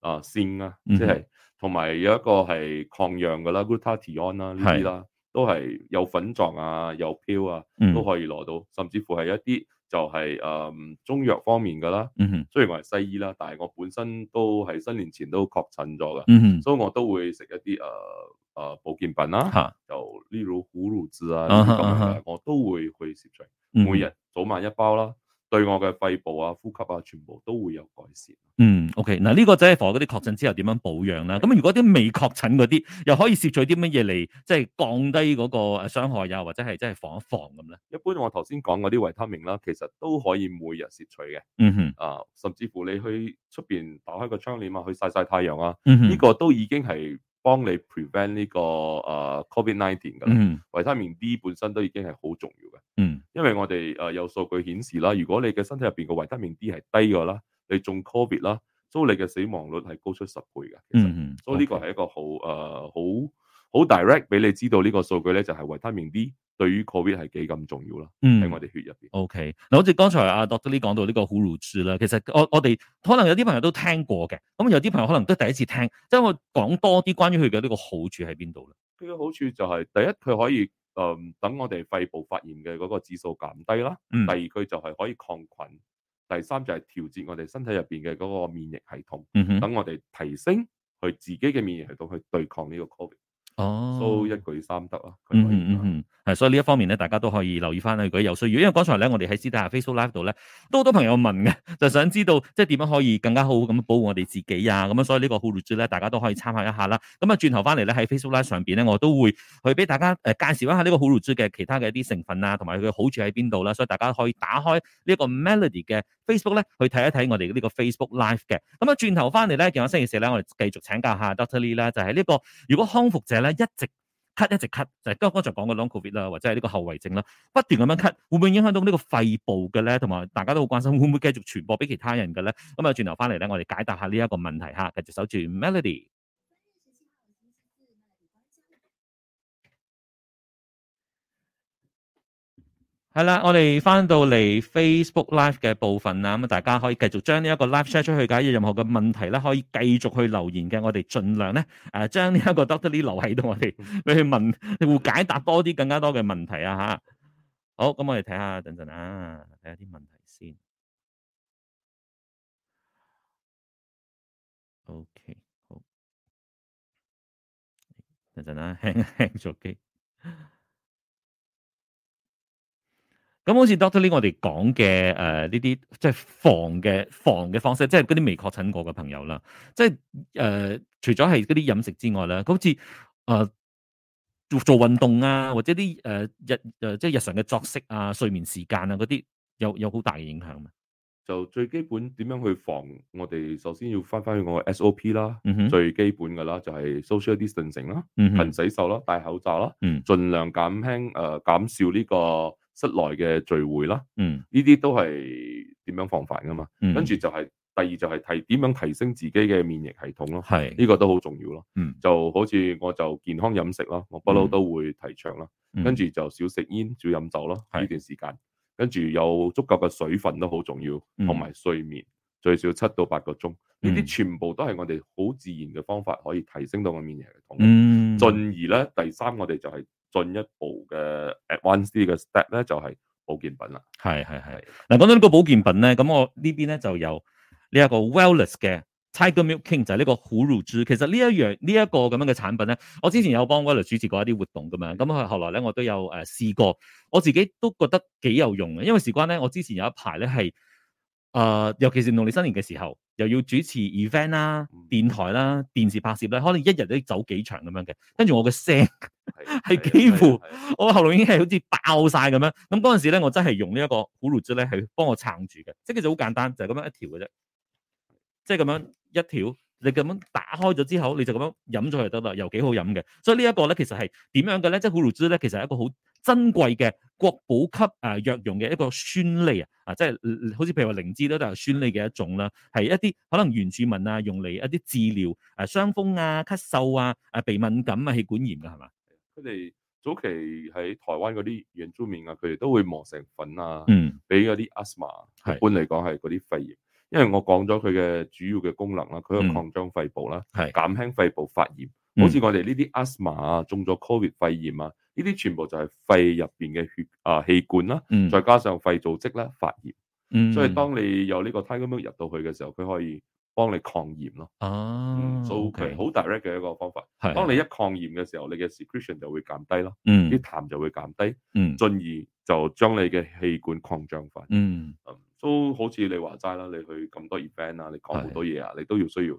啊鋅啦，即係同埋有一個係抗氧噶啦，glutathione 啦呢啲啦，都係有粉狀啊，有漂啊，都可以攞到，甚至乎係一啲。就係、是呃、中藥方面㗎啦，雖然我係西醫啦，但係我本身都喺新年前都確診咗噶，嗯、哼所以我都會食一啲誒誒保健品啦，哈就呢種虎乳芝啊，啊哈我都會去攝取，每日早晚一包啦。嗯嗯對我嘅肺部啊、呼吸啊，全部都會有改善。嗯，OK，嗱呢個就係防嗰啲確診之後點樣保養啦。咁如果啲未確診嗰啲，又可以攝取啲乜嘢嚟，即係降低嗰個傷害啊，或者係即係防一防咁咧？一般我頭先講嗰啲維他命啦，其實都可以每日攝取嘅。嗯哼，啊，甚至乎你去出邊打開個窗簾啊，去晒晒太陽啊，呢、嗯、哼個都已經係。幫你 prevent 呢、這個啊、呃、Covid nineteen 噶，維、mm hmm. 他命 D 本身都已經係好重要嘅，mm hmm. 因為我哋誒有數據顯示啦，如果你嘅身體入邊個維他命 D 係低咗啦，你中 Covid 啦，所以你嘅死亡率係高出十倍嘅，其實，所以呢個係一個好誒好。Okay. 呃好 direct 俾你知道個數呢個數據咧，就係、是、維他命 D 對於 Covid 係幾咁重要啦。喺、嗯、我哋血入邊。O K，嗱好似剛才阿 doctor 講到呢個好處啦，其實我我哋可能有啲朋友都聽過嘅，咁有啲朋友可能都第一次聽，即係我講多啲關於佢嘅呢個好處喺邊度咧？佢嘅好處就係、是、第一，佢可以誒、嗯、等我哋肺部發炎嘅嗰個指數減低啦。第二，佢就係可以抗菌。第三就係調節我哋身體入邊嘅嗰個免疫系統。嗯、哼等我哋提升佢自己嘅免疫系統去對抗呢個 Covid。哦，都、oh, So, 一舉三得啊！嗯嗯嗯嗯，係、嗯嗯嗯，所以呢一方面咧，大家都可以留意翻咧，如果有需要，如果因為剛才咧，我哋喺私底下 Facebook Live 度咧，都好多朋友問嘅，就想知道即係點樣可以更加好咁保護我哋自己啊！咁、嗯、啊，所以個呢個好露珠咧，大家都可以參考一下啦。咁、嗯、啊，轉頭翻嚟咧喺 Facebook Live 上邊咧，我都會去俾大家誒介紹一下呢個好露珠嘅其他嘅一啲成分啊，同埋佢嘅好處喺邊度啦。所以大家可以打開個呢個 Melody 嘅 Facebook 咧，去睇一睇我哋、嗯、呢個 Facebook Live 嘅。咁啊，轉頭翻嚟咧，今日星期四咧，我哋繼續請教下 Dr Lee 啦，就喺、是、呢、這個如果康復者咧。一直咳一直咳，就係剛剛才講嘅 Long COVID 啦，id, 或者係呢個後遺症啦，不斷咁樣咳，會唔會影響到呢個肺部嘅咧？同埋大家都好關心，會唔會繼續傳播俾其他人嘅咧？咁啊，轉頭返嚟咧，我哋解答下呢一個問題嚇，繼續守住 Melody。係啦，我哋翻到嚟 Facebook Live 嘅部分啊，咁啊大家可以繼續將呢一個 Live share 出去，假如任何嘅問題咧，可以繼續去留言嘅，我哋盡量咧，誒，將呢一個 Doctor Lee 留喺度，我哋你去問，會解答多啲更加多嘅問題啊吓。好，咁我哋睇下，等陣啊，睇下啲問題先。OK，好，等陣啊，hang hang 咗機。閉咁好似 Dr Lee 我哋講嘅誒呢啲即係防嘅防嘅方式，即係嗰啲未確診過嘅朋友啦，即係誒除咗係嗰啲飲食之外啦，好似誒做做運動啊，或者啲誒、呃、日誒即係日常嘅作息啊、睡眠時間啊嗰啲，有有好大嘅影響嘛？就最基本點樣去防？我哋首先要翻翻去我嘅 SOP 啦，嗯、哼最基本嘅啦就係 social distancing 啦、勤、嗯、哼洗手啦、戴口罩啦，嗯、盡量減輕誒、呃、減少呢、這個。室內嘅聚會啦，嗯，呢啲都係點樣防範噶嘛？跟住就係、是、第二就係提點樣提升自己嘅免疫系統咯，係呢的個都好重要咯。嗯，就好似我就健康飲食咯，我不嬲都會提倡啦。嗯、跟住就少食煙、少飲酒咯。呢段的時間，跟住有足夠嘅水分都好重要，同埋、嗯、睡眠最少七到八個鐘，呢啲全部都係我哋好自然嘅方法可以提升到個免疫系統。嗯，進而咧，第三我哋就係、是。進一步嘅 advanced 嘅 step 咧，就係、是、保健品啦。係係係。嗱是，講到呢個保健品咧，咁我邊呢邊咧就有呢一個 Wellness 嘅 Tiger Milk King 就係呢個虎乳芝。其實呢一樣呢一、這個咁樣嘅產品咧，我之前有幫 Wellness 主持過一啲活動噶嘛。咁佢後來咧，我都有誒試過，我自己都覺得幾有用嘅。因為事關咧，我之前有一排咧係誒，尤其是農曆新年嘅時候，又要主持 event 啦、啊、嗯、電台啦、啊、電視拍攝啦，可能一日都要走幾場咁樣嘅。跟住我嘅聲。 係幾乎我喉嚨已經係好似爆晒咁樣，咁嗰陣時咧，我真係用呢一個葫蘆汁咧，係幫我撐住嘅，即係其實好簡單，就係咁樣一條嘅啫，即係咁樣一條，你咁樣打開咗之後，你就咁樣飲咗就得啦，又幾好飲嘅。所以呢一個咧，其實係點樣嘅咧？即係葫蘆汁咧，其實係一個好珍貴嘅國寶級誒藥用嘅一個酸利啊，啊，即係好似譬如話靈芝都就係酸利嘅一種啦，係一啲可能原住民啊用嚟一啲治療誒傷風啊、咳嗽啊、誒鼻敏感啊、氣管炎噶係嘛。佢哋早期喺台灣嗰啲原住民啊，佢哋都會磨成粉啊，俾嗰啲 asthma、嗯、一般嚟講係嗰啲肺炎。因為我講咗佢嘅主要嘅功能啦、啊，佢可以擴張肺部啦、啊，嗯、減輕肺部發炎。好似、嗯、我哋呢啲 asthma 啊，中咗 covid 肺炎啊，呢啲全部就係肺入邊嘅血啊氣管啦、啊，再加上肺組織咧、啊、發炎。嗯、所以當你有呢個 tiger milk 入到去嘅時候，佢可以，幫你抗炎咯，做佢好 direct 嘅一個方法。係，當你一抗炎嘅時候，你嘅 secretion 就會減低咯，啲痰就會減低。進而就將你嘅氣管擴張翻。嗯，都好似你話齋啦，你去咁多 event 啊，你講好多嘢啊，你都要需要。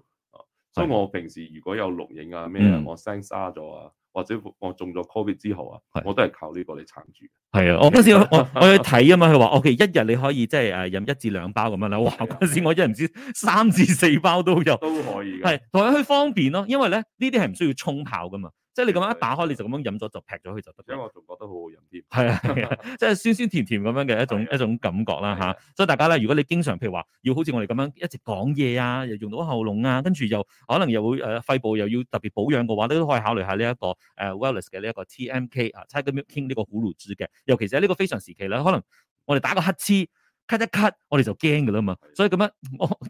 所以我平時如果有錄影啊咩啊，我聲沙咗啊。或者我中咗 COVID 之後啊，啊我都係靠呢個嚟撐住。係啊，我嗰時我我去睇啊嘛，佢話 OK 一日你可以即係誒飲一至兩包咁樣啦。哇啊、我嗰陣時我真係唔知三至四包都有，都可以。係同埋去方便咯，因為咧呢啲係唔需要沖泡噶嘛。即係你咁樣一打開你就咁樣飲咗，就劈咗佢就得。因為我仲覺得好好飲添。係啊，即係酸酸甜甜咁樣嘅一種 一種感覺啦嚇的、啊。所以大家咧，如果你經常譬如話要好似我哋咁樣一直講嘢啊，又用到喉嚨啊，跟住又可能又會誒肺、呃、部又要特別保養嘅話，你都可以考慮下呢、這、一個誒 Wallace 嘅呢一個 TMK 啊，差唔多要傾呢個葫蘆珠嘅。尤其是喺呢個非常時期咧，可能我哋打個乞嗤，咳一咳，我哋就驚㗎啦嘛。的所以咁樣，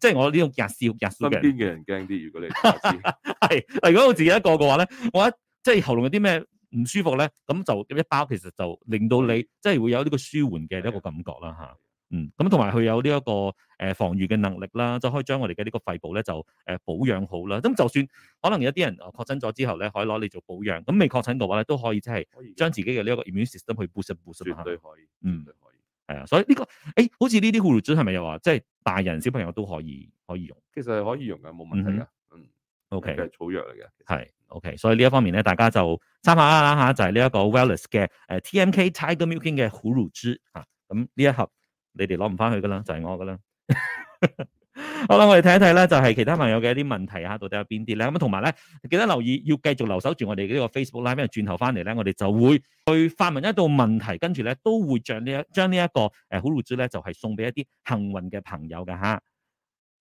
即係我呢種日笑日笑嘅。身邊人驚啲， 如果你乞 如果我自己一個嘅話咧，我一。即係喉嚨有啲咩唔舒服咧，咁就一包其實就令到你即係會有呢個舒緩嘅一個感覺啦，吓的，嗯，咁同埋佢有呢一個誒防禦嘅能力啦，就可以將我哋嘅呢個肺部咧就誒保養好啦。咁就算可能有啲人確診咗之後咧，可以攞你做保養。咁未確診嘅話咧，都可以即係將自己嘅呢一個免疫系統去 boost，boost。絕對可以，絕對可以。嗯，係啊，所以呢、這個誒、欸，好似呢啲葫蘆樽係咪又話即係大人小朋友都可以可以用？其實係可以用嘅，冇問題噶。嗯，OK，係草藥嚟嘅，係。OK，所以呢一方面咧，大家就參考下啦嚇，就係呢一個 Wellis 嘅誒、呃、TMK Tiger Milking 嘅虎乳芝嚇，咁、啊、呢一盒你哋攞唔翻去噶啦，就係、是、我噶啦。呵呵 好啦，我哋睇一睇咧，就係其他朋友嘅一啲問題啊，到底有邊啲咧？咁同埋咧，記得留意要繼續留守住我哋嘅呢個 Facebook Live，因為轉頭翻嚟咧，我哋就會去發問一道問題，跟住咧都會將、一將、這個呃、呢一將呢一個誒虎乳芝咧，就係、是、送俾一啲幸運嘅朋友嘅嚇。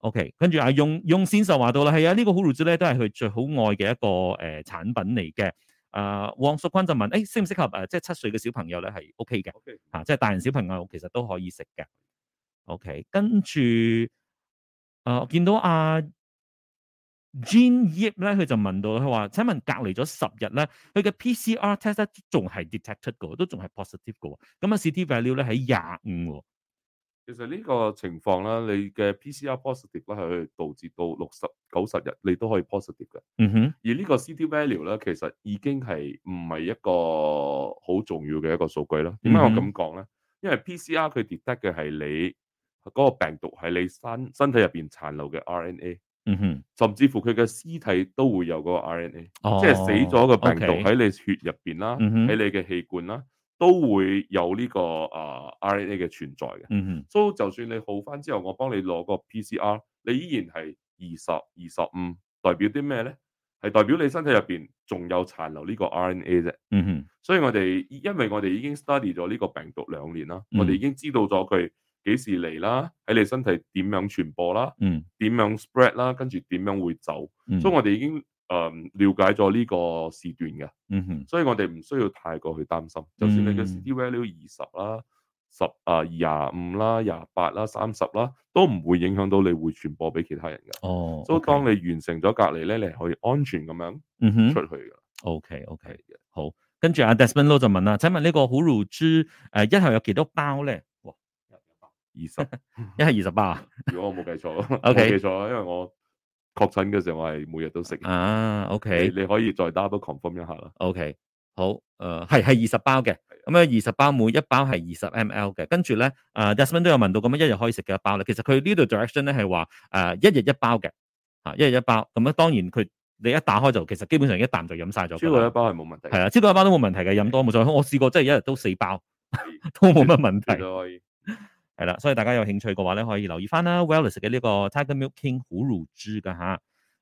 OK，跟住阿、啊、用用先就話到啦，係啊，這個、呢個好羅子咧，都係佢最好愛嘅一個誒、呃、產品嚟嘅。啊、呃，黃淑君就問，誒適唔適合誒、呃，即係七歲嘅小朋友咧，係 OK 嘅，吓 Okay.、啊，即係大人小朋友其實都可以食嘅。OK，跟住、呃、啊，我見到阿 Jean Yip 咧，佢就問到佢話，請問隔離咗十日咧，佢嘅 PCR test 咧仲係 detected 嘅，都仲係 positive 嘅，咁啊 CT value 咧喺廿五。其實呢個情況咧，你嘅 PCR positive 咧係去導致到六十九十日，你都可以 positive 嘅。嗯、哼。而呢個 CT value 咧，其實已經係唔係一個好重要嘅一個數據咯。點解我咁講咧？嗯、哼因為 PCR 佢 detect 嘅係你嗰、那個病毒喺你身身體入邊殘留嘅 RNA、嗯哼。甚至乎佢嘅屍體都會有個 RNA、哦、即係死咗嘅病毒喺你血入邊啦，喺、嗯、哼你嘅氣管啦。都會有呢、這個啊、uh, RNA 嘅存在嘅，嗯哼、mm，所、hmm. 以、so, 就算你好翻之後，我幫你攞個 PCR，你依然係二十、二十五，代表啲咩咧？係代表你身體入邊仲有殘留呢個 RNA 啫，嗯哼、mm。Hmm. 所以我哋因為我哋已經 study 咗呢個病毒兩年啦，mm hmm. 我哋已經知道咗佢幾時嚟啦，喺你身體點樣傳播啦，嗯、mm，點、hmm. 樣 spread 啦，跟住點樣會走，所以、mm hmm. so, 我哋已經。誒、嗯，了解咗呢個時段嘅，嗯哼，所以我哋唔需要太過去擔心，嗯、就算你嘅 CT value 二十啦，十啊廿五啦，廿八啦，三十啦，都唔會影響到你會傳播俾其他人嘅。哦，okay, 所以當你完成咗隔離咧，你可以安全咁樣，嗯、哼，出去噶。O K O K，好，跟住阿、啊、Desmond Lau 就問啦，請問個虎、呃、呢個虎乳芝誒一盒有幾多包咧？哇，一百？二十，一盒二十八啊？如果我冇記錯，冇記錯啊，因為我。確診嘅時候我係每日都食啊，OK，你，你可以再 double confirm 一下咯。OK，好，誒、呃，係係二十包嘅，咁樣二十包每一包係二十 mL 嘅，跟住咧，誒 Desmond 都有問到咁樣一日可以食幾多包咧？其實佢呢度 direction 咧係話誒一日一包嘅，啊一日一包，咁、嗯、樣當然佢你一打開就其實基本上一啖就飲晒咗。超過一包係冇問題，係啊，超過一包都冇問題嘅，飲多冇錯。我試過真係一日都四包 都冇乜問題。係啦，所以大家有興趣嘅話咧，可以留意返啦、well。Wallace 嘅呢個 Tiger Milk King 好如豬㗎吓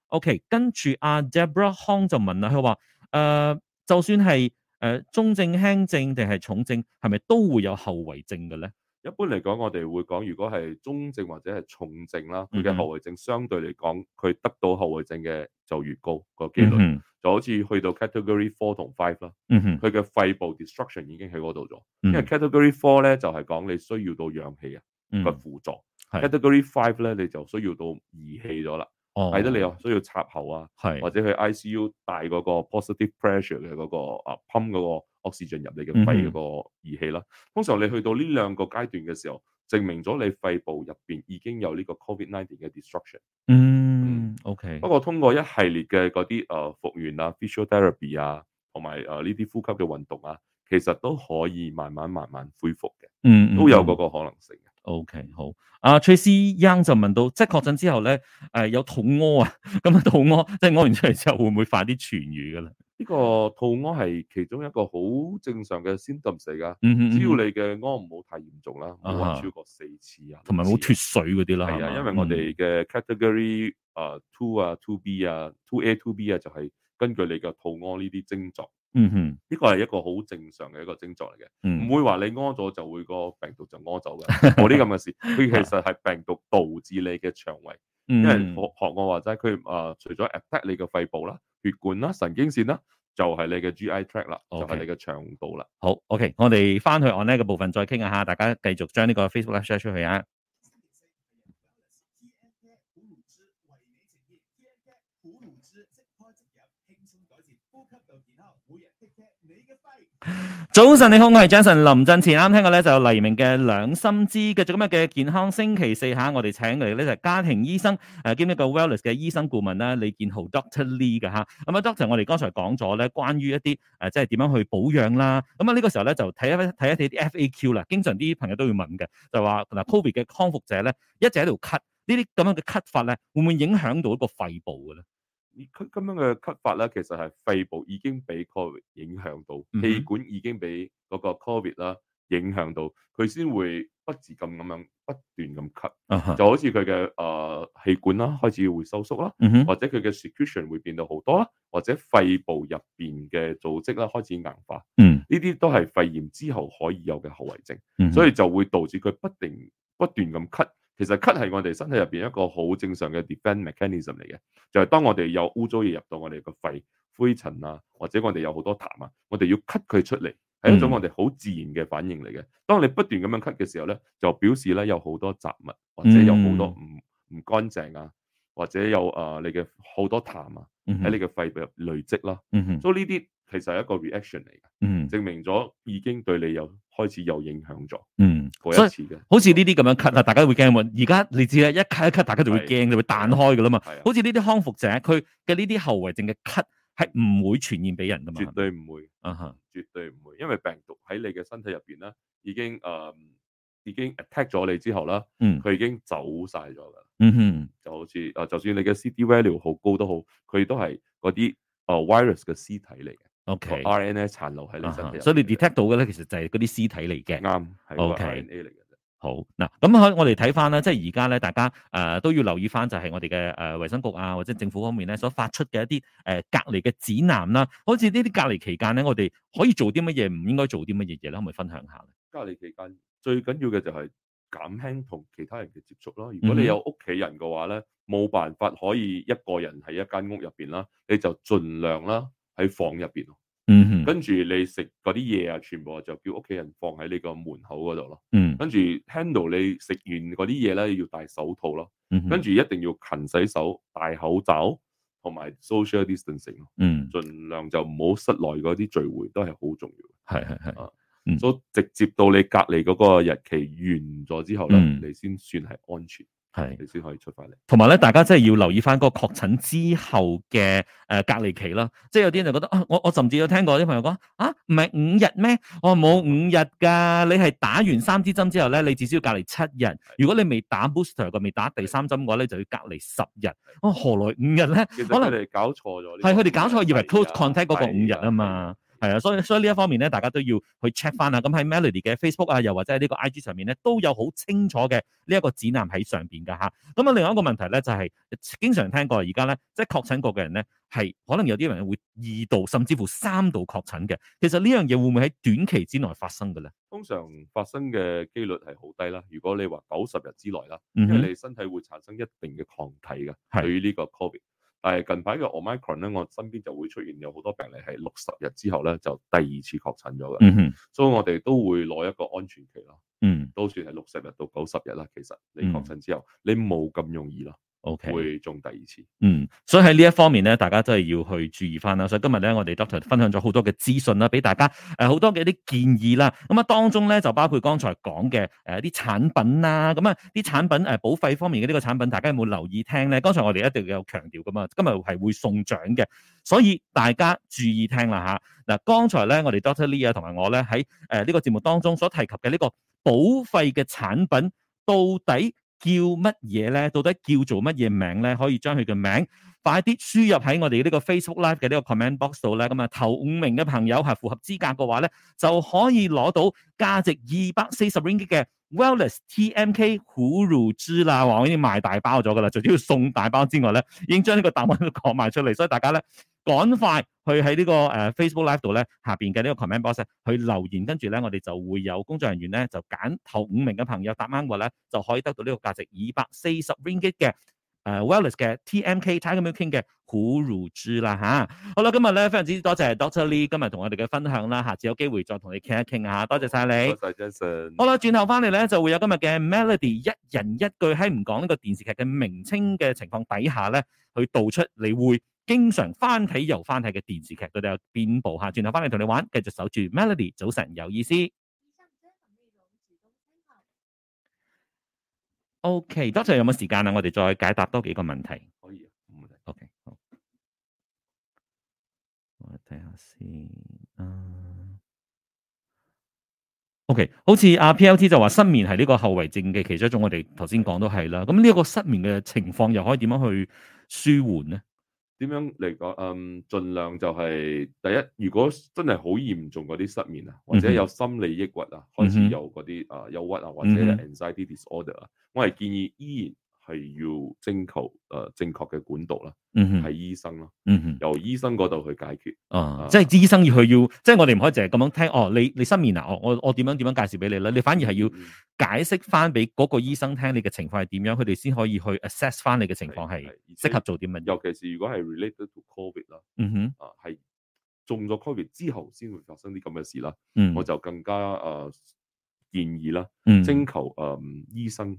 ，OK。跟住阿、啊、Deborah Hong 就問啦，佢話：誒、呃，就算係誒、呃、中症、輕症定係重症，係咪都會有後遺症嘅呢？一般嚟講，我哋會講，如果係中症或者係重症啦，佢嘅後遺症相對嚟講，佢得到後遺症嘅就越高個機率。就好似去到 category four 同 five 啦，佢嘅肺部 destruction 已經喺嗰度咗。嗯、因為 category four 咧就係、是、講你需要到氧氣啊嘅輔助、嗯、category five 咧你就需要到儀器咗啦。係得、哦、你有需要插喉啊，是或者去 ICU 帶嗰個 positive pressure 嘅嗰個啊 pump 嗰個。博士進入你嘅肺嗰個儀器啦，通常你去到呢兩個階段嘅時候，證明咗你肺部入邊已經有呢個 Covid nineteen 嘅 destruction。Dest 嗯，嗯，OK。不過通過一系列嘅嗰啲誒復原啊，physical therapy 啊，同埋誒呢啲呼吸嘅運動啊，其實都可以慢慢慢慢恢復嘅、嗯。嗯，都有嗰個可能性嘅。OK，好。阿 Tracy Young 就問到，即係確診之後咧，誒、呃、有肚屙啊，咁、嗯、啊肚屙，即係屙完出嚟之後會唔會快啲痊愈噶啦？呢個肚屙係其中一個好正常嘅 symptom 死噶，只要你嘅屙唔好太嚴重啦，唔好超過四次啊，同埋唔好脱水嗰啲啦。係啊，因為我哋嘅 category 啊 two 啊 two b 啊 two a two b 啊，就係根據你嘅肚屙呢啲症狀。嗯哼，呢個係一個好正常嘅一個症狀嚟嘅，唔會話你屙咗就會個病毒就屙走嘅，冇啲咁嘅事。佢其實係病毒導致你嘅腸胃，因為我學我話齋，佢啊除咗 attack 你嘅肺部啦。血管啦、神經線啦，Okay. 就係你嘅 GI track 啦，就係你嘅腸道啦。好，OK，我哋翻去 online 嘅部分再傾一下，大家繼續將呢個 Facebook 啦 share 出去啊。早晨，你好，我係 Jason 林振前。啱聽過咧就黎明嘅兩心知。嘅做咁樣嘅健康星期四吓，我哋請嚟咧就家庭醫生誒兼一個 Wellness 嘅醫生顧問啦，李健豪 Doctor Lee 嘅吓。咁啊，Doctor，我哋剛才講咗咧關於一啲誒即係點樣去保養啦。咁啊呢個時候咧就睇一睇一睇啲 FAQ 啦。經常啲朋友都會問嘅就話嗱，COVID 嘅康復者咧一直喺度咳，呢啲咁樣嘅咳法咧會唔會影響到一個肺部嘅咧？吸咁樣嘅咳法咧，其實係肺部已經俾 Covid 影響到，氣、嗯、哼管已經俾嗰個 Covid 啦影響到，佢先會不自禁咁樣不斷咁咳，啊、哈就好似佢嘅誒氣管啦開始會收縮啦，嗯、哼或者佢嘅 secretion 會變到好多啦，或者肺部入邊嘅組織啦開始硬化，嗯，呢啲都係肺炎之後可以有嘅後遺症，嗯、哼所以就會導致佢不停不斷咁咳。其實咳係我哋身體入邊一個好正常嘅 defend mechanism 嚟嘅，就係當我哋有污糟嘢入到我哋個肺、灰塵啊，或者我哋有好多痰啊，我哋要咳佢出嚟，係一種我哋好自然嘅反應嚟嘅。當你不斷咁樣咳嘅時候咧，就表示咧有好多雜物或者有好多唔唔乾淨啊，或者有誒、呃、你嘅好多痰啊喺你嘅肺入累積啦、啊。嗯哼，所以呢啲。So, 其實係一個 reaction 嚟嘅，嗯，證明咗已經對你有開始有影響咗，嗯，嗰一次嘅，好似呢啲咁樣咳，大家會驚冇？而家你知咧，一咳一咳，大家就會驚，就會彈開噶啦嘛，係啊，好似呢啲康復者，佢嘅呢啲後遺症嘅咳係唔會傳染俾人噶嘛，絕對唔會，啊吓，絕對唔會，因為病毒喺你嘅身體入邊啦，已經誒，已經 attack 咗你之後啦，嗯，佢已經走晒咗噶，嗯哼，就好似誒，就算你嘅 CD value 好高都好，佢都係嗰啲誒 virus 嘅屍體嚟嘅。O K，R N A 殘留喺你身度，所以你 detect 到嘅咧，其實就係嗰啲屍體嚟嘅。啱，係個 R N A 嚟嘅啫。好，嗱，咁我我哋睇翻啦。即係而家咧，大家誒都要留意翻，就係我哋嘅誒衞生局啊，或者政府方面咧所發出嘅一啲誒、呃、隔離嘅指南啦、啊。好似呢啲隔離期間咧，我哋可以做啲乜嘢，唔應該做啲乜嘢嘢啦。可唔可以分享下咧？隔離期間最緊要嘅就係減輕同其他人嘅接觸咯。如果你有屋企人嘅話咧，冇辦法可以一個人喺一間屋入邊啦，你就盡量啦。喺房入邊咯，嗯哼、mm，跟、hmm. 住你食嗰啲嘢啊，全部就叫屋企人放喺呢個門口嗰度咯，嗯、mm，跟住 handle 你食完嗰啲嘢咧，要戴手套咯，跟住、mm hmm. 一定要勤洗手、戴口罩同埋 social distancing，嗯、mm，盡、hmm. 量就唔好室內嗰啲聚會都係好重要，係係係啊，mm hmm. 所以直接到你隔離嗰個日期完咗之後咧，mm hmm. 你先算係安全。係，你先可以出返嚟。同埋咧，大家真係要留意返嗰個確診之後嘅誒、呃、隔離期啦。即係有啲人就覺得啊，我我甚至有聽過啲朋友講啊，唔係五日咩？我冇五日㗎，你係打完三支針之後咧，你至少要隔離七日。的如果你未打 booster 個未打第三針嘅話咧，就要隔離十日。我的、啊、何來五日咧？可能你搞錯咗，係佢哋搞錯，以為 close contact 嗰個五日啊嘛。係啊，所以所以呢一方面咧，大家都要去 check 翻啦。咁喺 Melody 嘅 Facebook 啊，又或者係呢個 IG 上面咧，都有好清楚嘅呢一個指南喺上邊㗎吓。咁啊，另外一個問題咧，就係、是、經常聽過而家咧，即係確診過嘅人咧，係可能有啲人會二度甚至乎三度確診嘅。其實呢樣嘢會唔會喺短期之內發生嘅咧？通常發生嘅幾率係好低啦。如果你話九十日之內啦，你身體會產生一定嘅抗體嘅，mm hmm. 對於呢個 COVID。但係近排個 Omicron 咧，我身邊就會出現有好多病例係六十日之後咧就第二次確診咗嘅，mm hmm. 所以我哋都會攞一個安全期咯，mm hmm. 都算係六十日到九十日啦。其實你確診之後，mm hmm. 你冇咁容易咯。會中第二次，嗯，所以喺呢一方面咧，大家真係要去注意翻啦。所以今日咧，我哋 doctor 分享咗好多嘅資訊啦，俾大家誒好、呃、多嘅一啲建議啦。咁、嗯、啊，當中咧就包括剛才講嘅誒一啲產品啦。咁、嗯、啊，啲產品誒、呃、保肺方面嘅呢個產品，大家有冇留意聽咧？剛才我哋一定有強調噶嘛，今日係會送獎嘅，所以大家注意聽啦吓。嗱、啊，剛才咧我哋 doctor Lee 啊同埋我咧喺誒呢、呃這個節目當中所提及嘅呢個保肺嘅產品，到底？叫乜嘢咧？到底叫做乜嘢名咧？可以將佢嘅名快啲輸入喺我哋呢個 Facebook Live 嘅呢個 comment box 度咧。咁啊，頭五名嘅朋友係符合資格嘅話咧，就可以攞到價值二百四十 ringgit 嘅 Wireless T M K 虎乳芝啦。我已經賣大包咗噶啦，除咗送大包之外咧，已經將呢個答案都講埋出嚟，所以大家咧。趕快去喺呢個誒 Facebook Live 度咧，下邊嘅呢個 comment box 去留言，跟住咧我哋就會有工作人員咧就揀頭五名嘅朋友答啱嘅話咧，就可以得到呢個價值二百四十 ringgit 嘅誒 Wallace 嘅 T.M.K. Time 睇咁樣傾嘅古如豬啦吓，好啦，今日咧，非常之多謝 Dr. Lee 今日同我哋嘅分享啦，下次有機會再同你傾一傾嚇。多謝晒你，多謝 Jason。好啦，轉頭翻嚟咧就會有今日嘅 Melody 一人一句喺唔講呢個電視劇嘅名稱嘅情況底下咧，去道出你會。經常翻睇又翻睇嘅電視劇，佢哋有邊部吓？轉頭翻嚟，同你玩，繼續守住 Melody。Melody，早晨有意思。OK，多謝有冇時間啊？我哋再解答多幾個問題。可以。OK，好。我睇下先啊。OK，好似阿，啊，PLT 就話失眠係呢個後遺症嘅其中一種，我，我哋頭先講都係啦。咁呢一個失眠嘅情況又可以點樣去舒緩咧？點樣嚟講？嗯，盡量就係、是、第一，如果真係好嚴重嗰啲失眠啊，或者有心理抑鬱啊，mm hmm. 開始有嗰啲啊憂鬱啊，或者係 anxiety disorder 啊、mm，hmm. 我係建議依然。係要徵求誒正確嘅管道啦，嗯哼，係醫生咯，嗯哼，由醫生嗰度去解決，啊，即係醫生要去要，即係我哋唔可以淨係咁樣聽哦，你你失眠啊，哦，我我點樣點樣介紹俾你咧？你反而係要解釋翻俾嗰個醫生聽你嘅情況係點樣，佢哋先可以去 assess 翻你嘅情況係適合做啲乜？尤其是如果係 related to COVID 啦，嗯哼，啊係中咗 COVID 之後先會發生啲咁嘅事啦，我就更加誒建議啦，嗯，徵求誒醫生。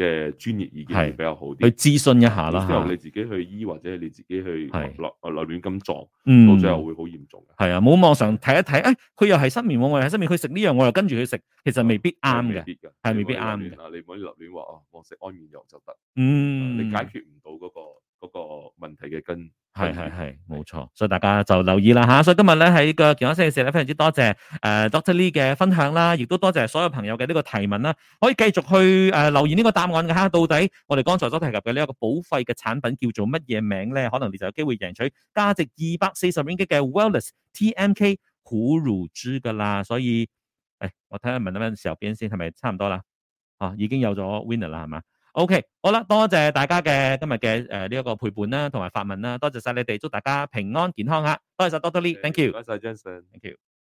嘅專業意見係比較好啲，去諮詢一下啦。然後你自己去醫，或者你自己去立，立立亂咁撞，到最後會好嚴重嘅。係啊，冇網上睇一睇，誒、哎，佢又係失眠，我又係失眠，佢食呢樣，我又跟住佢食，其實未必啱嘅，係、啊、未必啱嘅。你唔可以立亂話啊，我食安眠藥就得，嗯、啊，你解決唔到嗰個嗰、嗰個問題嘅根。係係係，冇錯 嗯，所以大家就留意啦吓、啊。所以今日咧喺個健康星期四咧，非常之多謝誒、呃、Dr. Lee 嘅分享啦，亦都多謝所有朋友嘅呢個提問啦。可以繼續去誒、呃、留言呢個答案嘅吓,到底我哋剛才所提及嘅呢一個保費嘅產品叫做乜嘢名咧？可能你就有機會贏取價值二百四十蚊嘅 Wellness TMK 虎乳芝噶啦。所以誒、哎，我睇下問一問小編先，係咪差唔多啦？哦、啊，已經有咗 winner 啦，係嘛？O.K. 好啦，多謝大家嘅今日嘅呢一個陪伴啦、啊，同埋發問啦，多謝晒你哋，祝大家平安健康啊！多謝晒 Dr. Lee，Thank you，多謝晒 Jason，Thank you。